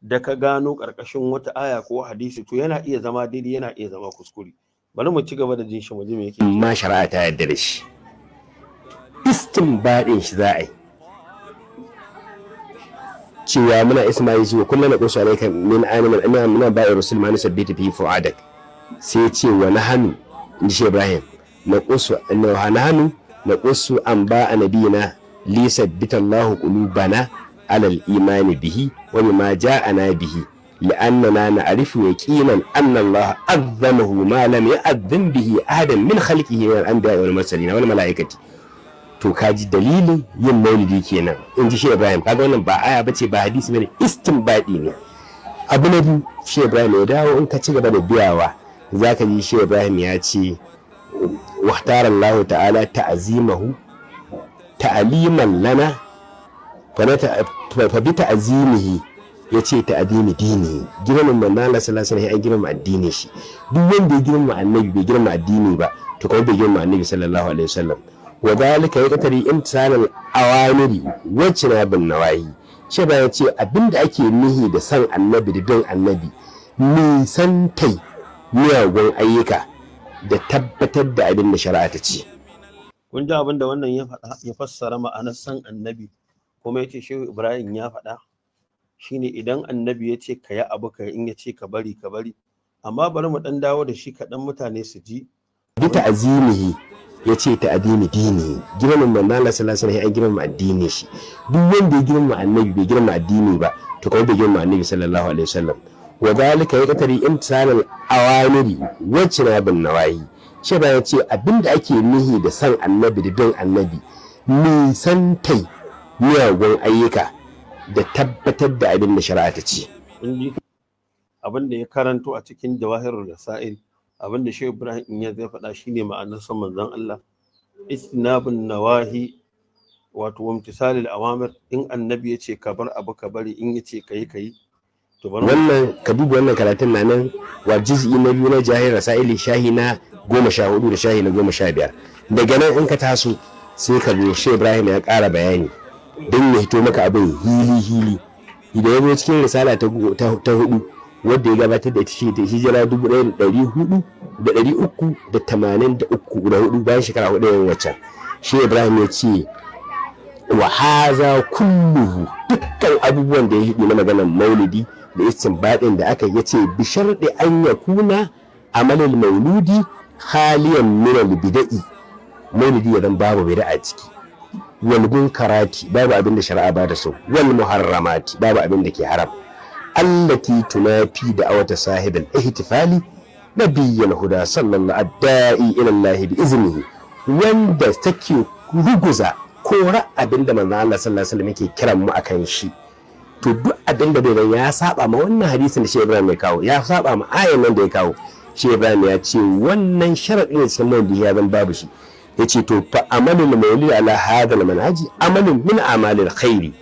da ka gano ƙarƙashin wata aya ko hadisi to yana iya zama daidai yana iya zama kuskure bari mu ci gaba da jin shi mu ji me yake amma shari'a ta yarda da shi istin baɗin shi za a yi cewa muna ismail shi kullum na ƙunshi alaika min animal ina muna bayan rasul ma nisa bi tafi fo adak sai ce wa na hannu in ji ibrahim na ƙunsu na hannu na ƙunsu an ba a nabi na lisa bitan lahu ƙulu bana alal imani bihi wani ma ja a na bihi li'anna na na arifu ya kiman annan lah azzamahu ma lam ya azzin bihi adam min khalqihi wal anbiya wal masarina wani malaikati to ka ji dalilin yin maulidi kenan in ji shi ibrahim kaga wannan ba aya bace ba hadisi bane istinbadi ne abu na biyu shi ibrahim ya dawo in ka ci gaba da biyawa zaka ji shi ibrahim ya ce wahtara allah ta'ala ta'azimahu ta'aliman lana fa bi ta'zimihi ya ce ta addini dini girman manzo Allah sallallahu alaihi an girmama addini shi duk wanda ya girmama annabi bai girmama addini ba to kuma bai girmama annabi sallallahu alaihi wasallam wa zalika yaqtari imtisalal awamiri wacce na bin nawahi shi ba ya ce abinda ake nihi da san annabi da bin annabi nisantai miyagun ayyuka da tabbatar da abin da shari'a ta ce kun ji abin da wannan ya fassara ma'anar san annabi kuma yace shi ibrahim ya faɗa shine idan annabi ya ce ka yi abu ka in ya ce ka bari ka bari amma bari mu ɗan dawo da shi kaɗan mutane su ji bi ta'azimihi ya ce ta adini dini girman manzo Allah sallallahu alaihi wasallam an girman addini shi duk wanda ya girman annabi bai girman addini ba to kawai bai girman annabi sallallahu alaihi wasallam wa dalika ya katari imtisalal awamiri wacce na bin nawahi shi ba ya ce abinda ake nihi da san annabi da bin annabi san tai miyagun ayyuka da tabbatar da abin da shari'a ta ce abin da ya karanto a cikin jawahirul rasail abin da shehu ibrahim in ya faɗa shine ma'anar son manzon Allah istinabun nawahi wato wamtisalil awamir in annabi ya ce ka bar abu ka bari in ya ce ka yi ka yi wannan ka wannan karatun na nan wa jizi na biyu na jahil rasaili shahi na goma sha hudu da shahi na goma sha biyar daga nan in ka taso sai ka zo shi ibrahim ya ƙara bayani don ya hito maka abin hili hili idan ya zo cikin risala ta hudu wadda ya gabatar da ita ce ta hijira dubu ɗaya da ɗari hudu da ɗari uku da tamanin da uku da hudu bayan shekara hudu yin wacan shi ibrahim ya ce wa haza kulluhu dukkan abubuwan da ya hidu na maganar maulidi da istin baɗin da aka yace bishar da an ya kuna amalin mauludi haliyan minal bida'i maulidi ya dan babu bida'a ciki wal karati babu abin da shari'a ba da so wal muharramati babu abin da ke haram allati tunafi da awata sahibin ihtifali nabiyyal huda sallallahu adda'i ila Allah bi iznihi wanda take ruguza kora abin da manzo Allah sallallahu alaihi yake kiran mu akan shi to duk abin da bai ya saba ma wannan hadisin da shi Ibrahim ya kawo ya saba ma ayan nan da ya kawo shi Ibrahim ya ce wannan sharadi ne cikin mai ya babu shi yace to fa amalul mawlid ala hadha al manhaji amalun min amalil khairi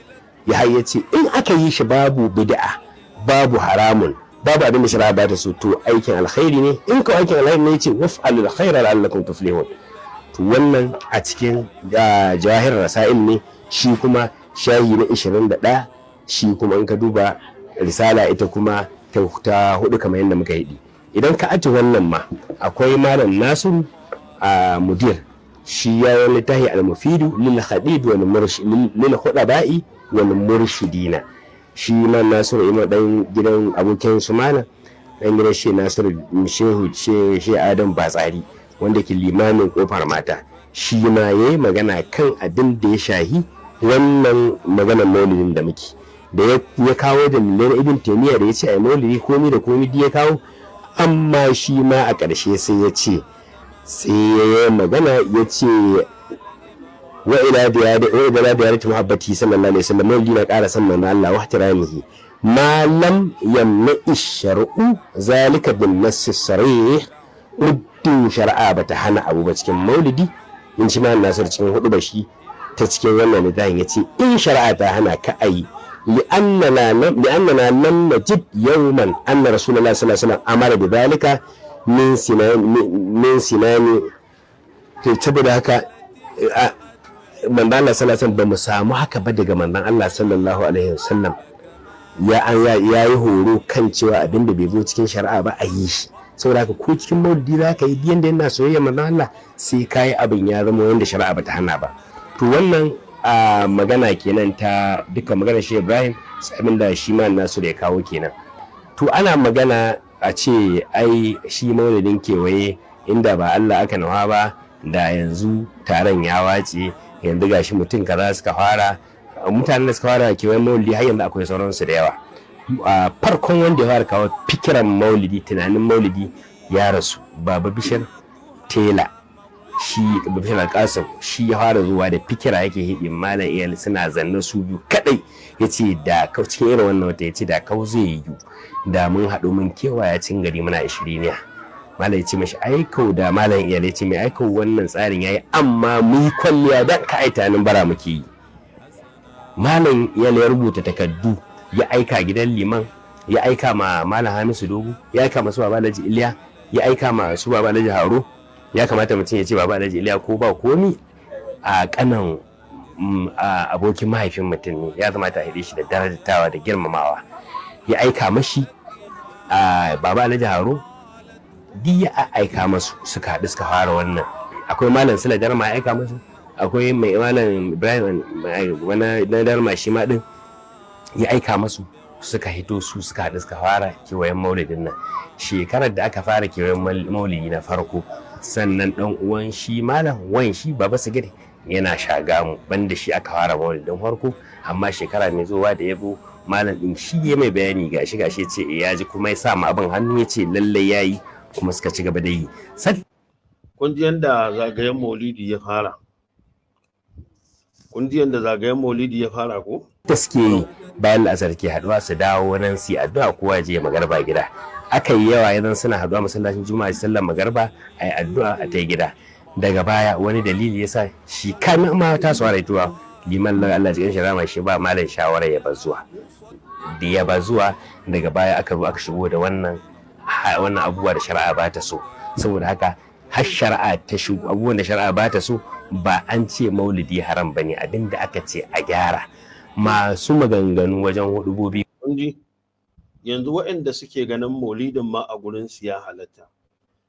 ya yace in aka yi shi babu bid'a babu haramun babu abin da shari'a ba ta so to aikin alkhairi ne in ka aikin alkhairi ne yace waf'alul khaira la'allakum tuflihun to wannan a cikin ah, jawahir rasail ne shi kuma shayi na 21 shi kuma in ka duba risala ita kuma ta hudu kamar yadda muka yi idan ka aji wannan ma akwai malam nasu a ah, mudir shi ya yi littahi al-mufidu lil khadid wal murshid lil khudaba'i wal murshidina shi man nasiru ima dan gidan abokin su mana dan gidan shi nasiru shehu shi adam batsari wanda ke limamin kofar mata shi ma ya yi magana kan abin da ya shahi wannan magana maulidin da muke da ya kawo da miliyar ibn taimiyya da ya ce a maulidi komi da komi ya kawo amma shi ma a ƙarshe sai ya ce sai ya yi magana ya ce wa ila diyari wa da diyari muhabbati sallallahu alaihi wasallam mai dina ƙara san manzo Allah wa ihtiramihi ma lam yamna shar'u zalika bin nass sarih uddu shar'a ta hana abu ba cikin maulidi in shi ma nasar cikin hudu ba shi ta cikin wannan da littafin yace in shar'a ta hana ka li annana لم annana lam najid yawman anna rasulullah sallallahu alaihi wasallam amara bi zalika min sinani min sinani سنان saboda haka manzon Allah sallallahu alaihi ba mu samu haka ba daga manzon Allah sallallahu alaihi wasallam ya an ya yi horo kan cewa abin da bai zo cikin shari'a ba a yi shi saboda haka ko cikin maudi za ka yi da yana soyayya manzon Allah sai kayi abin ya zama wanda shari'a ba ta hana ba to wannan a magana kenan ta duka magana shi Ibrahim abin da shi ma nasu da ya kawo kenan to ana magana a ce ai shi maulidin kewaye inda ba Allah aka nawa ba da yanzu taron ya wace yanzu gashi mutum kaza suka fara mutanen da suka fara kewayen maulidi har yanzu akwai sauransu da yawa a farkon wanda ya fara kawo fikiran maulidi tunanin maulidi ya rasu baba bishir tela shi bishir alkasim shi ya fara zuwa da fikira yake hidin malam iyali suna zanne su biyu kadai ya ce da cikin irin wannan wata ya ce da kau zai yi da mun haɗu mun kewaya cin gari muna ya malam ce mashi aikau da malam iyalai ce mai aikau wannan tsarin yayi amma mu kwalliya dan ka aita nan bara muke yi malam iyalai ya rubuta takardu ya aika gidan liman ya aika ma malam hamisu dogo ya aika ma su baba alhaji iliya ya aika ma su baba alhaji haro ya kamata mutum ya ce baba alhaji iliya ko ba komi a kanan mm, abokin mahaifin mutum ne ya ta a shi da darajatawa da girmamawa ya aika mashi a baba alhaji haro duk ya aika masu suka haɗu suka fara wannan akwai malam sila darma aika masu akwai mai malam ibrahim wani na darma shi ma ɗin ya aika masu suka hito su suka haɗu suka fara kewayen maulidin nan shekarar da aka fara kewayen maulidi na farko sannan ɗan uwan shi malam wayan shi baba sigiri yana shaga mu banda shi aka fara maulidin farko amma shekara mai zuwa da yabo malam ɗin shi ya mai bayani gashi gashi ce eh, ya ji kuma ya sa abin hannu ya ce lallai ya yi kuma suka ci gaba da yi kun ji zagayen maulidi ya fara kun ji zagayen maulidi ya fara ko da suke bayan la'asar ke haduwa su dawo nan su addu'a kowa je magarba gida aka yi yawa yanzu suna haduwa masallacin juma'a sallar magarba a yi addu'a a ta gida daga baya wani dalili yasa shi kamin ma ta su tuwa liman Allah cikin shi rama shi ba malam shawara ya bazuwa da ya bazuwa daga baya aka zo aka shigo da wannan wannan abubuwa da shari'a ba ta so saboda haka har shari'a ta shi abubuwan da shari'a ba ta so ba an ce maulidi haram bane abin da aka ce a gyara masu maganganu wajen hudubobi yanzu waɗanda suke ganin maulidin ma a gurin su ya halatta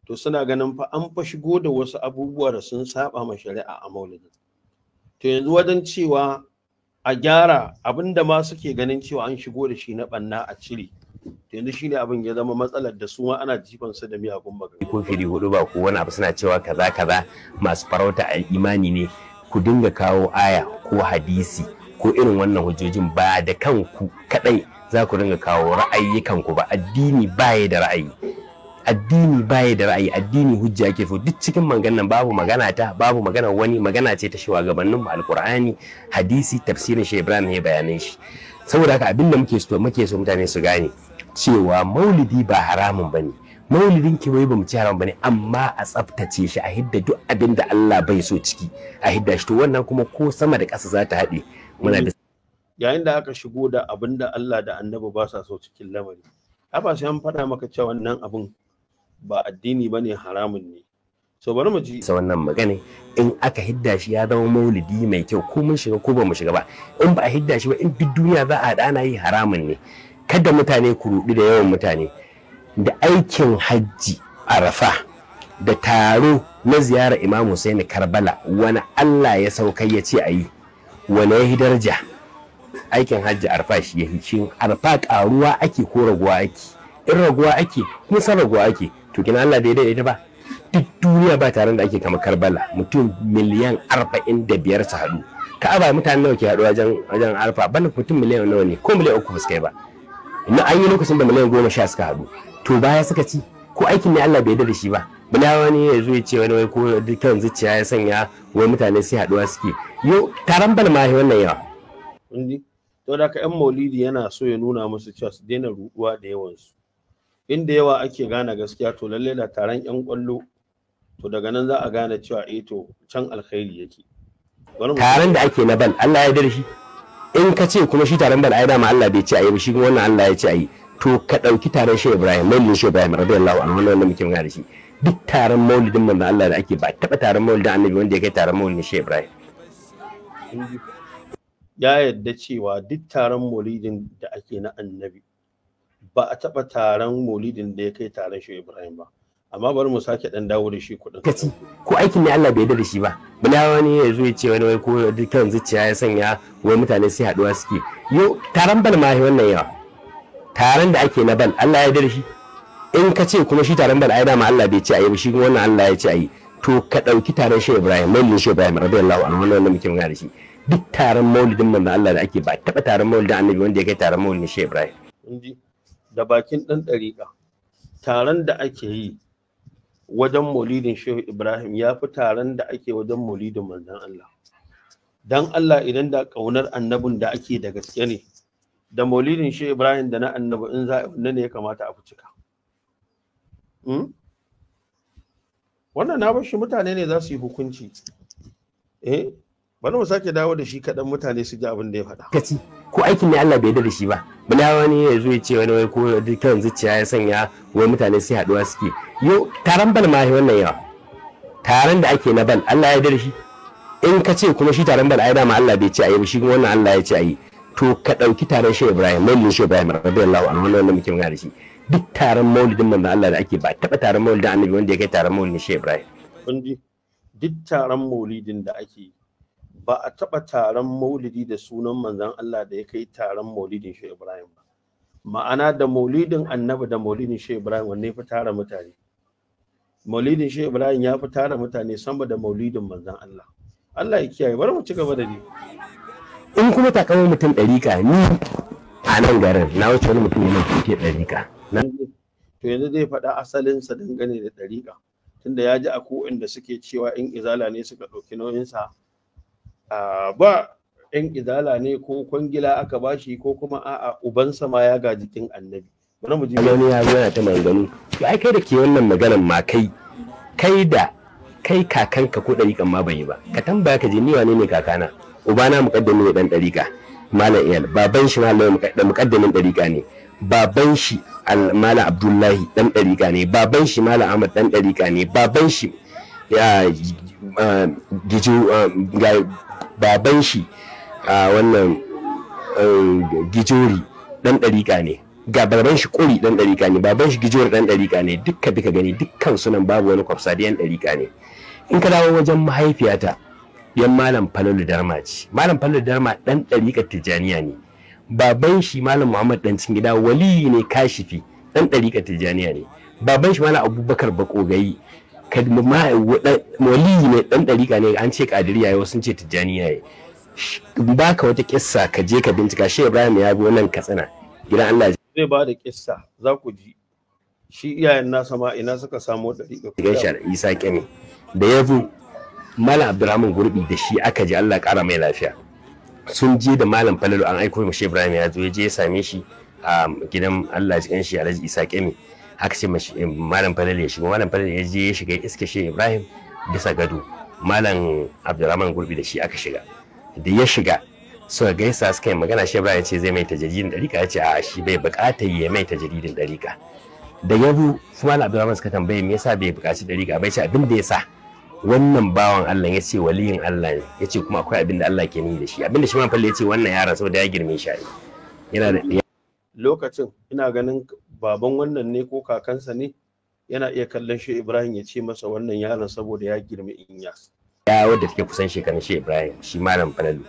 to suna ganin fa an fa shigo da wasu abubuwa da sun saba ma shari'a a maulidin to yanzu wajen cewa a gyara abinda ma suke ganin cewa an shigo da shi na ɓanna a cire yanzu shine abin ya zama matsalar da su ma ana jifan su da miyagun magana ko fili hudu ba ko wani abu suna cewa kaza kaza masu farauta a imani ne ku dinga kawo aya ko hadisi ko irin wannan hujjojin ba da kanku kadai za ku dinga kawo ku ba addini baya da ra'ayi addini ya da ra'ayi addini hujja ake so duk cikin maganan babu magana ta babu magana wani magana ce ta gabanin mu alqur'ani hadisi tafsirin shi ibrahim ya bayanai shi saboda haka abinda muke so muke so mutane su gane cewa maulidi ba haramun ba ne maulidin kewaye ba mu ci haramun ba ne amma a tsaftace shi a hidda duk abin da Allah bai so ciki a hidda shi to wannan kuma ko sama da ƙasa za ta haɗe muna da yayin da aka shigo da abin da Allah da annabi ba sa so cikin lamari haba sai an faɗa maka cewa wannan abin ba addini ba ne haramun ne so bari mu ji sa wannan magana in aka hidda shi ya zama maulidi mai kyau ko mun shiga ko ba mu shiga ba in ba a hidda shi ba in duk duniya za a haɗa ana yi haramun ne kada mutane ku ruɗu da yawan mutane da aikin hajji arafa da taro na ziyara imam Hussein Karbala wani Allah ya saukai ya ce a yi wani ya daraja aikin hajji arfa shi ya hici arfa karuwa ake ko raguwa ake in raguwa ake Kuma san raguwa ake to kina Allah da ya daidaita ba duk duniya ba taron da ake kama Karbala mutum miliyan arba'in da biyar su haɗu ka'aba mutane nawa ke haɗu wajen arafa, arfa bana mutum miliyan nawa ne ko miliyan uku ba su kai ba na an lokacin da miliyan goma sha suka haɗu to baya suka ci ko aikin ne Allah bai yarda da shi ba bala wani ya zo ya ce wani wai ko dukkan zuciya ya sanya wai mutane sai haɗuwa suke yau taron balma wannan yawa to da ka yan maulidi yana so ya nuna musu cewa su daina ruduwa da yawansu inda yawa ake gane gaskiya to lalle da taron yan kwallo to daga nan za a gane cewa eh to can alkhairi yake taron da ake na bal Allah ya da shi in ka ce kuma shi taron da ai dama Allah bai ce ayi ba shi kuma wannan Allah ya ce ayi to ka ɗauki taron shi Ibrahim maulidin shi Ibrahim radiyallahu anhu wannan muke magana da shi duk taron maulidin manzon Allah da ake ba taɓa taron maulidin annabi wanda ya kai taron maulidin shi Ibrahim ya yadda cewa duk taron maulidin da ake na annabi ba a taɓa taron maulidin da ya kai taron shi Ibrahim ba amma bari mu sake dan dawo da shi kuɗin kaci ko aikin ne Allah bai yarda da shi ba bala wani ya zo ya ce wani wai ko dukkan zuciya ya sanya wai mutane sai haduwa suke yo taron bal ma wannan yawa taron da ake na bal Allah ya yarda da shi in ka ce kuma shi taron bal ai ma Allah bai ce ayi ba shi wannan Allah ya ce ayi to ka ɗauki taron shi Ibrahim mai shi Ibrahim radiyallahu anhu wannan wanda muke magana da shi duk taron maulidin manzo Allah da ake ba taɓa taron maulidin annabi wanda ya kai taron maulidin shi Ibrahim da bakin dan dariƙa taron da ake yi wajen maulidin shehu ibrahim ya fi taron da ake wajen maulidin manzan Allah dan Allah idan da kaunar annabin da ake da gaske ne da maulidin shehu ibrahim da na annabi in za a ne ya kamata a cika hmm? wannan na bashi mutane ne za su yi hukunci eh bana mu sake dawo da shi kaɗan mutane su ji abin da ya faɗa. Kaci ko aikin ne Allah bai yarda da shi ba. Bana wani ya zo ya ce wani wai ko dukkan zuciya ya sanya wai mutane sai haɗuwa suke. Yo taron bal ma wannan yawa. Taron da ake na bal Allah ya yarda da shi. In ka ce kuma shi taron bal ai dama Allah bai ce ayi ba shi kuma wannan Allah ya ce ayi. To ka ɗauki taron shi Ibrahim maulidin shi Ibrahim radiyallahu anhu wannan da muke magana da shi. Duk taron maulidin manzon Allah da ake ba taɓa taron maulidin Annabi wanda ya kai taron maulidin shi Ibrahim. Duk taron maulidin da ake yi ba a taɓa taron maulidi da sunan manzan Allah da ya kai taron maulidin shi Ibrahim ba ma'ana da maulidin annabi da maulidin shi Ibrahim wanne fi tara mutane maulidin shi Ibrahim ya fi tara mutane sama da maulidin manzan Allah Allah ya kiyaye bari mu ci gaba da ni in kuma takamai mutum ɗarika ni a nan garin na wuce wani mutum ne kuke ɗarika to yanzu zai faɗa asalinsa dangane da ɗarika tunda ya ji a ko'in da suke cewa in izala ne suka ɗauki nauyinsa ba yan izala ne ko kwangila aka bashi ko kuma a'a ubansa ma ya ga jikin annabi bari mu ji wani ya zo yana ta maganganu to kai da ke wannan maganan ma kai kai da kai kakanka ko ɗariƙan ma ban yi ba ka tambaya ka je ni wane ne kakana ubana muƙaddamin ne ɗan ɗariƙa malam iyal baban shi malam muƙaddamin ka ne baban shi malam abdullahi ɗan ka ne baban shi malam ahmad ɗan ka ne baban shi ya giju baban shi a wannan um, gijori dan ɗariƙa ne ga baban shi kuri dan ɗariƙa ne baban shi gijori dan ɗariƙa ne dukka duka gani dukkan sunan babu wani kwafsa da yan ɗariƙa ne in ka dawo wajen mahaifiyata yan malam falalu darma ce malam falalu darma dan ɗariƙa tijjaniya ne baban shi malam muhammad dan gida waliyi ne kashifi dan ɗariƙa tijjaniya ne baban shi malam abubakar bakogayi waliyi ne dan ɗariƙa ne an ce ƙadiriya yau sun ce tijjaniya yi ba ka wata kissa ka je ka bincika shi ibrahim ya bi wannan katsina gidan allah zai ba da kissa za ku ji shi iyayen nasa ma ina suka samo ɗariƙa gidan shar isa kene da ya bu malam abdurrahman gurbi da shi aka ji allah ƙara mai lafiya sun je da malam falalu an aiko mashi ibrahim ya zo ya je ya same shi a gidan allah ya shi alhaji isa kene aka ce eh, malam falal ya shiga malam falal ya je ya shiga iska shi ibrahim bisa gado malam abdurrahman gurbi da shi aka shiga da ya shiga suka gaisa suka yi magana shi ibrahim ya ce zai mai jaridin dariƙa ya ce a shi bai buƙata ya mai jaridin dariƙa da ya bu malam abdurrahman suka tambaye me yasa bai buƙaci dariƙa bai ce abin da ya sa wannan bawan Allah ya ce waliyin Allah ne ya ce kuma akwai abin da Allah ke ni da shi abin da shi malam falal ya ce wannan yaron saboda ya girme shi yana da lokacin ina ganin baban wannan ne ko kakansa ne yana iya kallon shi Ibrahim ya ce masa wannan yaron saboda ya girma in Ya wadda take kusan shekarun shi Ibrahim shi malam falalu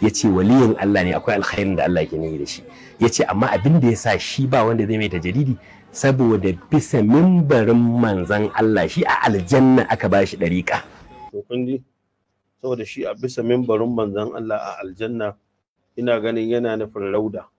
ya ce waliyin Allah ne akwai alkhairin da Allah ke nuni da shi ya ce amma abin da ya sa shi ba wanda zai mai tajaridi saboda bisa mimbarin manzan Allah shi a aljanna aka ba shi ɗarika. To kun ji saboda shi a bisa mimbarin manzan Allah a aljanna ina ganin yana nufin rauda.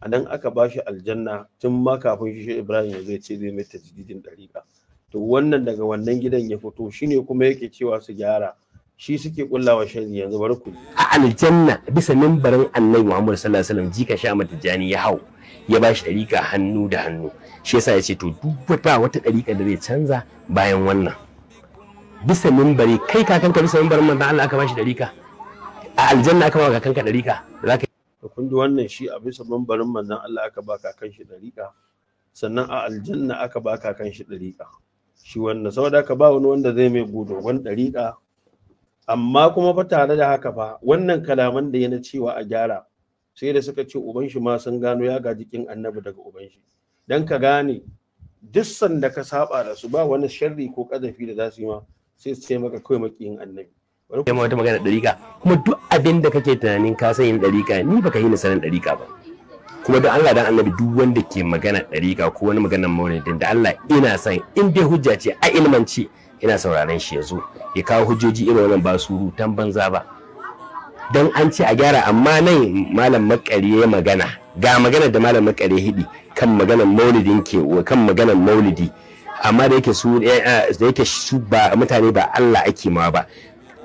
a nan aka ba shi aljanna tun ma kafin shi ibrahim ya zai ce zai mai tasdidin dariƙa to wannan daga wannan gidan ya fito shine kuma yake cewa su gyara shi suke kullawa shari yanzu bari ku a aljanna bisa mimbarin annabi muhammad sallallahu alaihi wasallam jika sha mata jani ya hau ya bashi dariƙa hannu da hannu shi yasa ya ce to duk ba wata dariƙa da zai canza bayan wannan bisa mimbari kai kakanka bisa mimbarin manzo Allah aka bashi dariƙa a aljanna aka ba kakanka dariƙa Ka kun wannan shi a bisa bambarin manzon Allah aka ba kakan shi dariƙa sannan a aljanna aka ba kakan shi dariƙa shi wannan saboda ka ba wani wanda zai mai wani dariƙa amma kuma fa tare da haka fa wannan kalaman da yana cewa a gyara sai da suka ce uban shi ma sun gano ya gaji kin annabi daga uban shi dan ka gane duk da ka saba da su ba wani sharri ko kadafi da za su yi ma sai su ce maka kawai makiyin annabi ya ma wata magana ɗarika kuma duk abin da kake tunanin ka san yin ɗarika ni baka yi nasarar ɗarika ba kuma don Allah dan annabi duk wanda ke magana ɗarika ko wani maganar maulidin da Allah ina san in dai hujja ce a ilmanci ina sauraron shi ya zo ya kawo hujjoji irin wannan ba rutan banza ba don an ce a gyara amma nan malam makari ya magana ga magana da malam makari hidi kan maganar maulidin ke kan maganar maulidi amma da yake su eh, eh, da yake su ba mutane ba Allah ake ma ba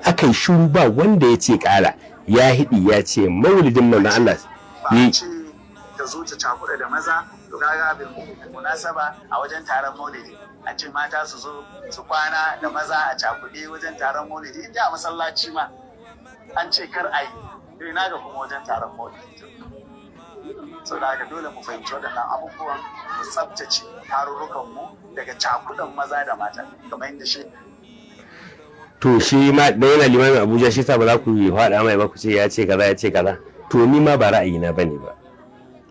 aka yi shuru ba wanda ya ce ƙara ya hidi ya ce maulidin nan Allah ne eh. ta zo ta takura da maza to kaga bin munasaba a wajen taron maulidi a ce mata su zo su kwana da maza a cakuɗe wajen taron maulidi inda a masallaci ma an ce kar a yi eh, na ga kuma wajen taron maulidi so da ga dole mu fahimci waɗannan abubuwan mu tsabtace tarurrukan mu daga cakuɗan maza da mata kamar yadda shi to shi ma da yana limamin abuja shi sa ba za ku yi faɗa mai ba ku ce ya ce kaza ya ce kaza to ni ma ba ra'ayi ba ne ba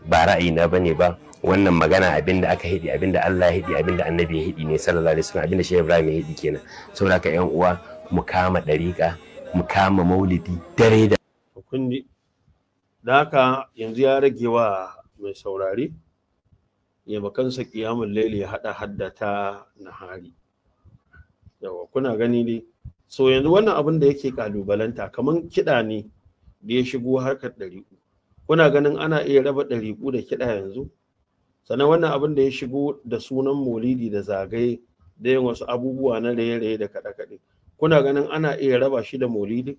ba ra'ayi ba ne ba wannan magana abin da aka hidi abin da Allah ya hidi abin da annabi ya hidi ne sallallahu alaihi wasallam abin da shehu ibrahim ya hidi kenan saboda ka yan uwa mu kama dariƙa mu kama maulidi dare da kundi da haka yanzu ya rage wa mai saurare ya makansa kiyamun laili ya hada haddata nahari yawa kuna gani dai so yanzu wannan abin da yake kalubalanta kamar kiɗa ne da ya shigo harkar ku kuna ganin ana iya raba ɗariƙu da kiɗa yanzu sannan wannan abin da ya shigo da sunan molidi da zagaye da yin wasu abubuwa na raye-raye da kaɗe-kaɗe kuna ganin ana iya raba shi da molidi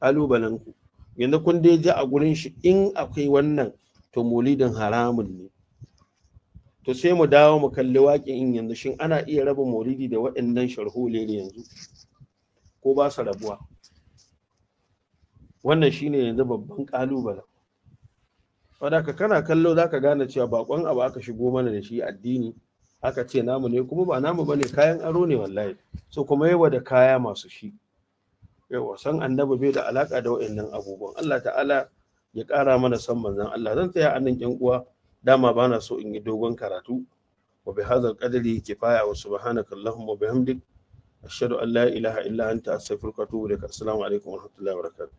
ƙalubalen ku yanzu kun dai ji a gurin shi in akwai wannan to molidin haramun ne to sai mu dawo mu kalli waƙi in yanzu shin ana iya raba maulidi da waɗannan sharholele yanzu ko ba su rabuwa wannan shine yanzu babban ƙalubalen ka kana kallo za ka gane cewa bakon abu aka shigo mana da shi addini aka ce namu ne kuma ba namu ba ne. kayan aro ne wallahi so kuma yawa da kaya masu shi yawa san annabi bai da alaka da waɗannan abubuwan Allah ta'ala ya ƙara mana san manzon Allah zan tsaya a nan uwa dama bana so in yi dogon karatu wa bi hadzal qadri kifaya wa subhanaka allahumma bihamdik ashhadu an la ilaha illa anta astaghfiruka wa atubu ilaik assalamu alaikum wa rahmatullahi wa barakatuh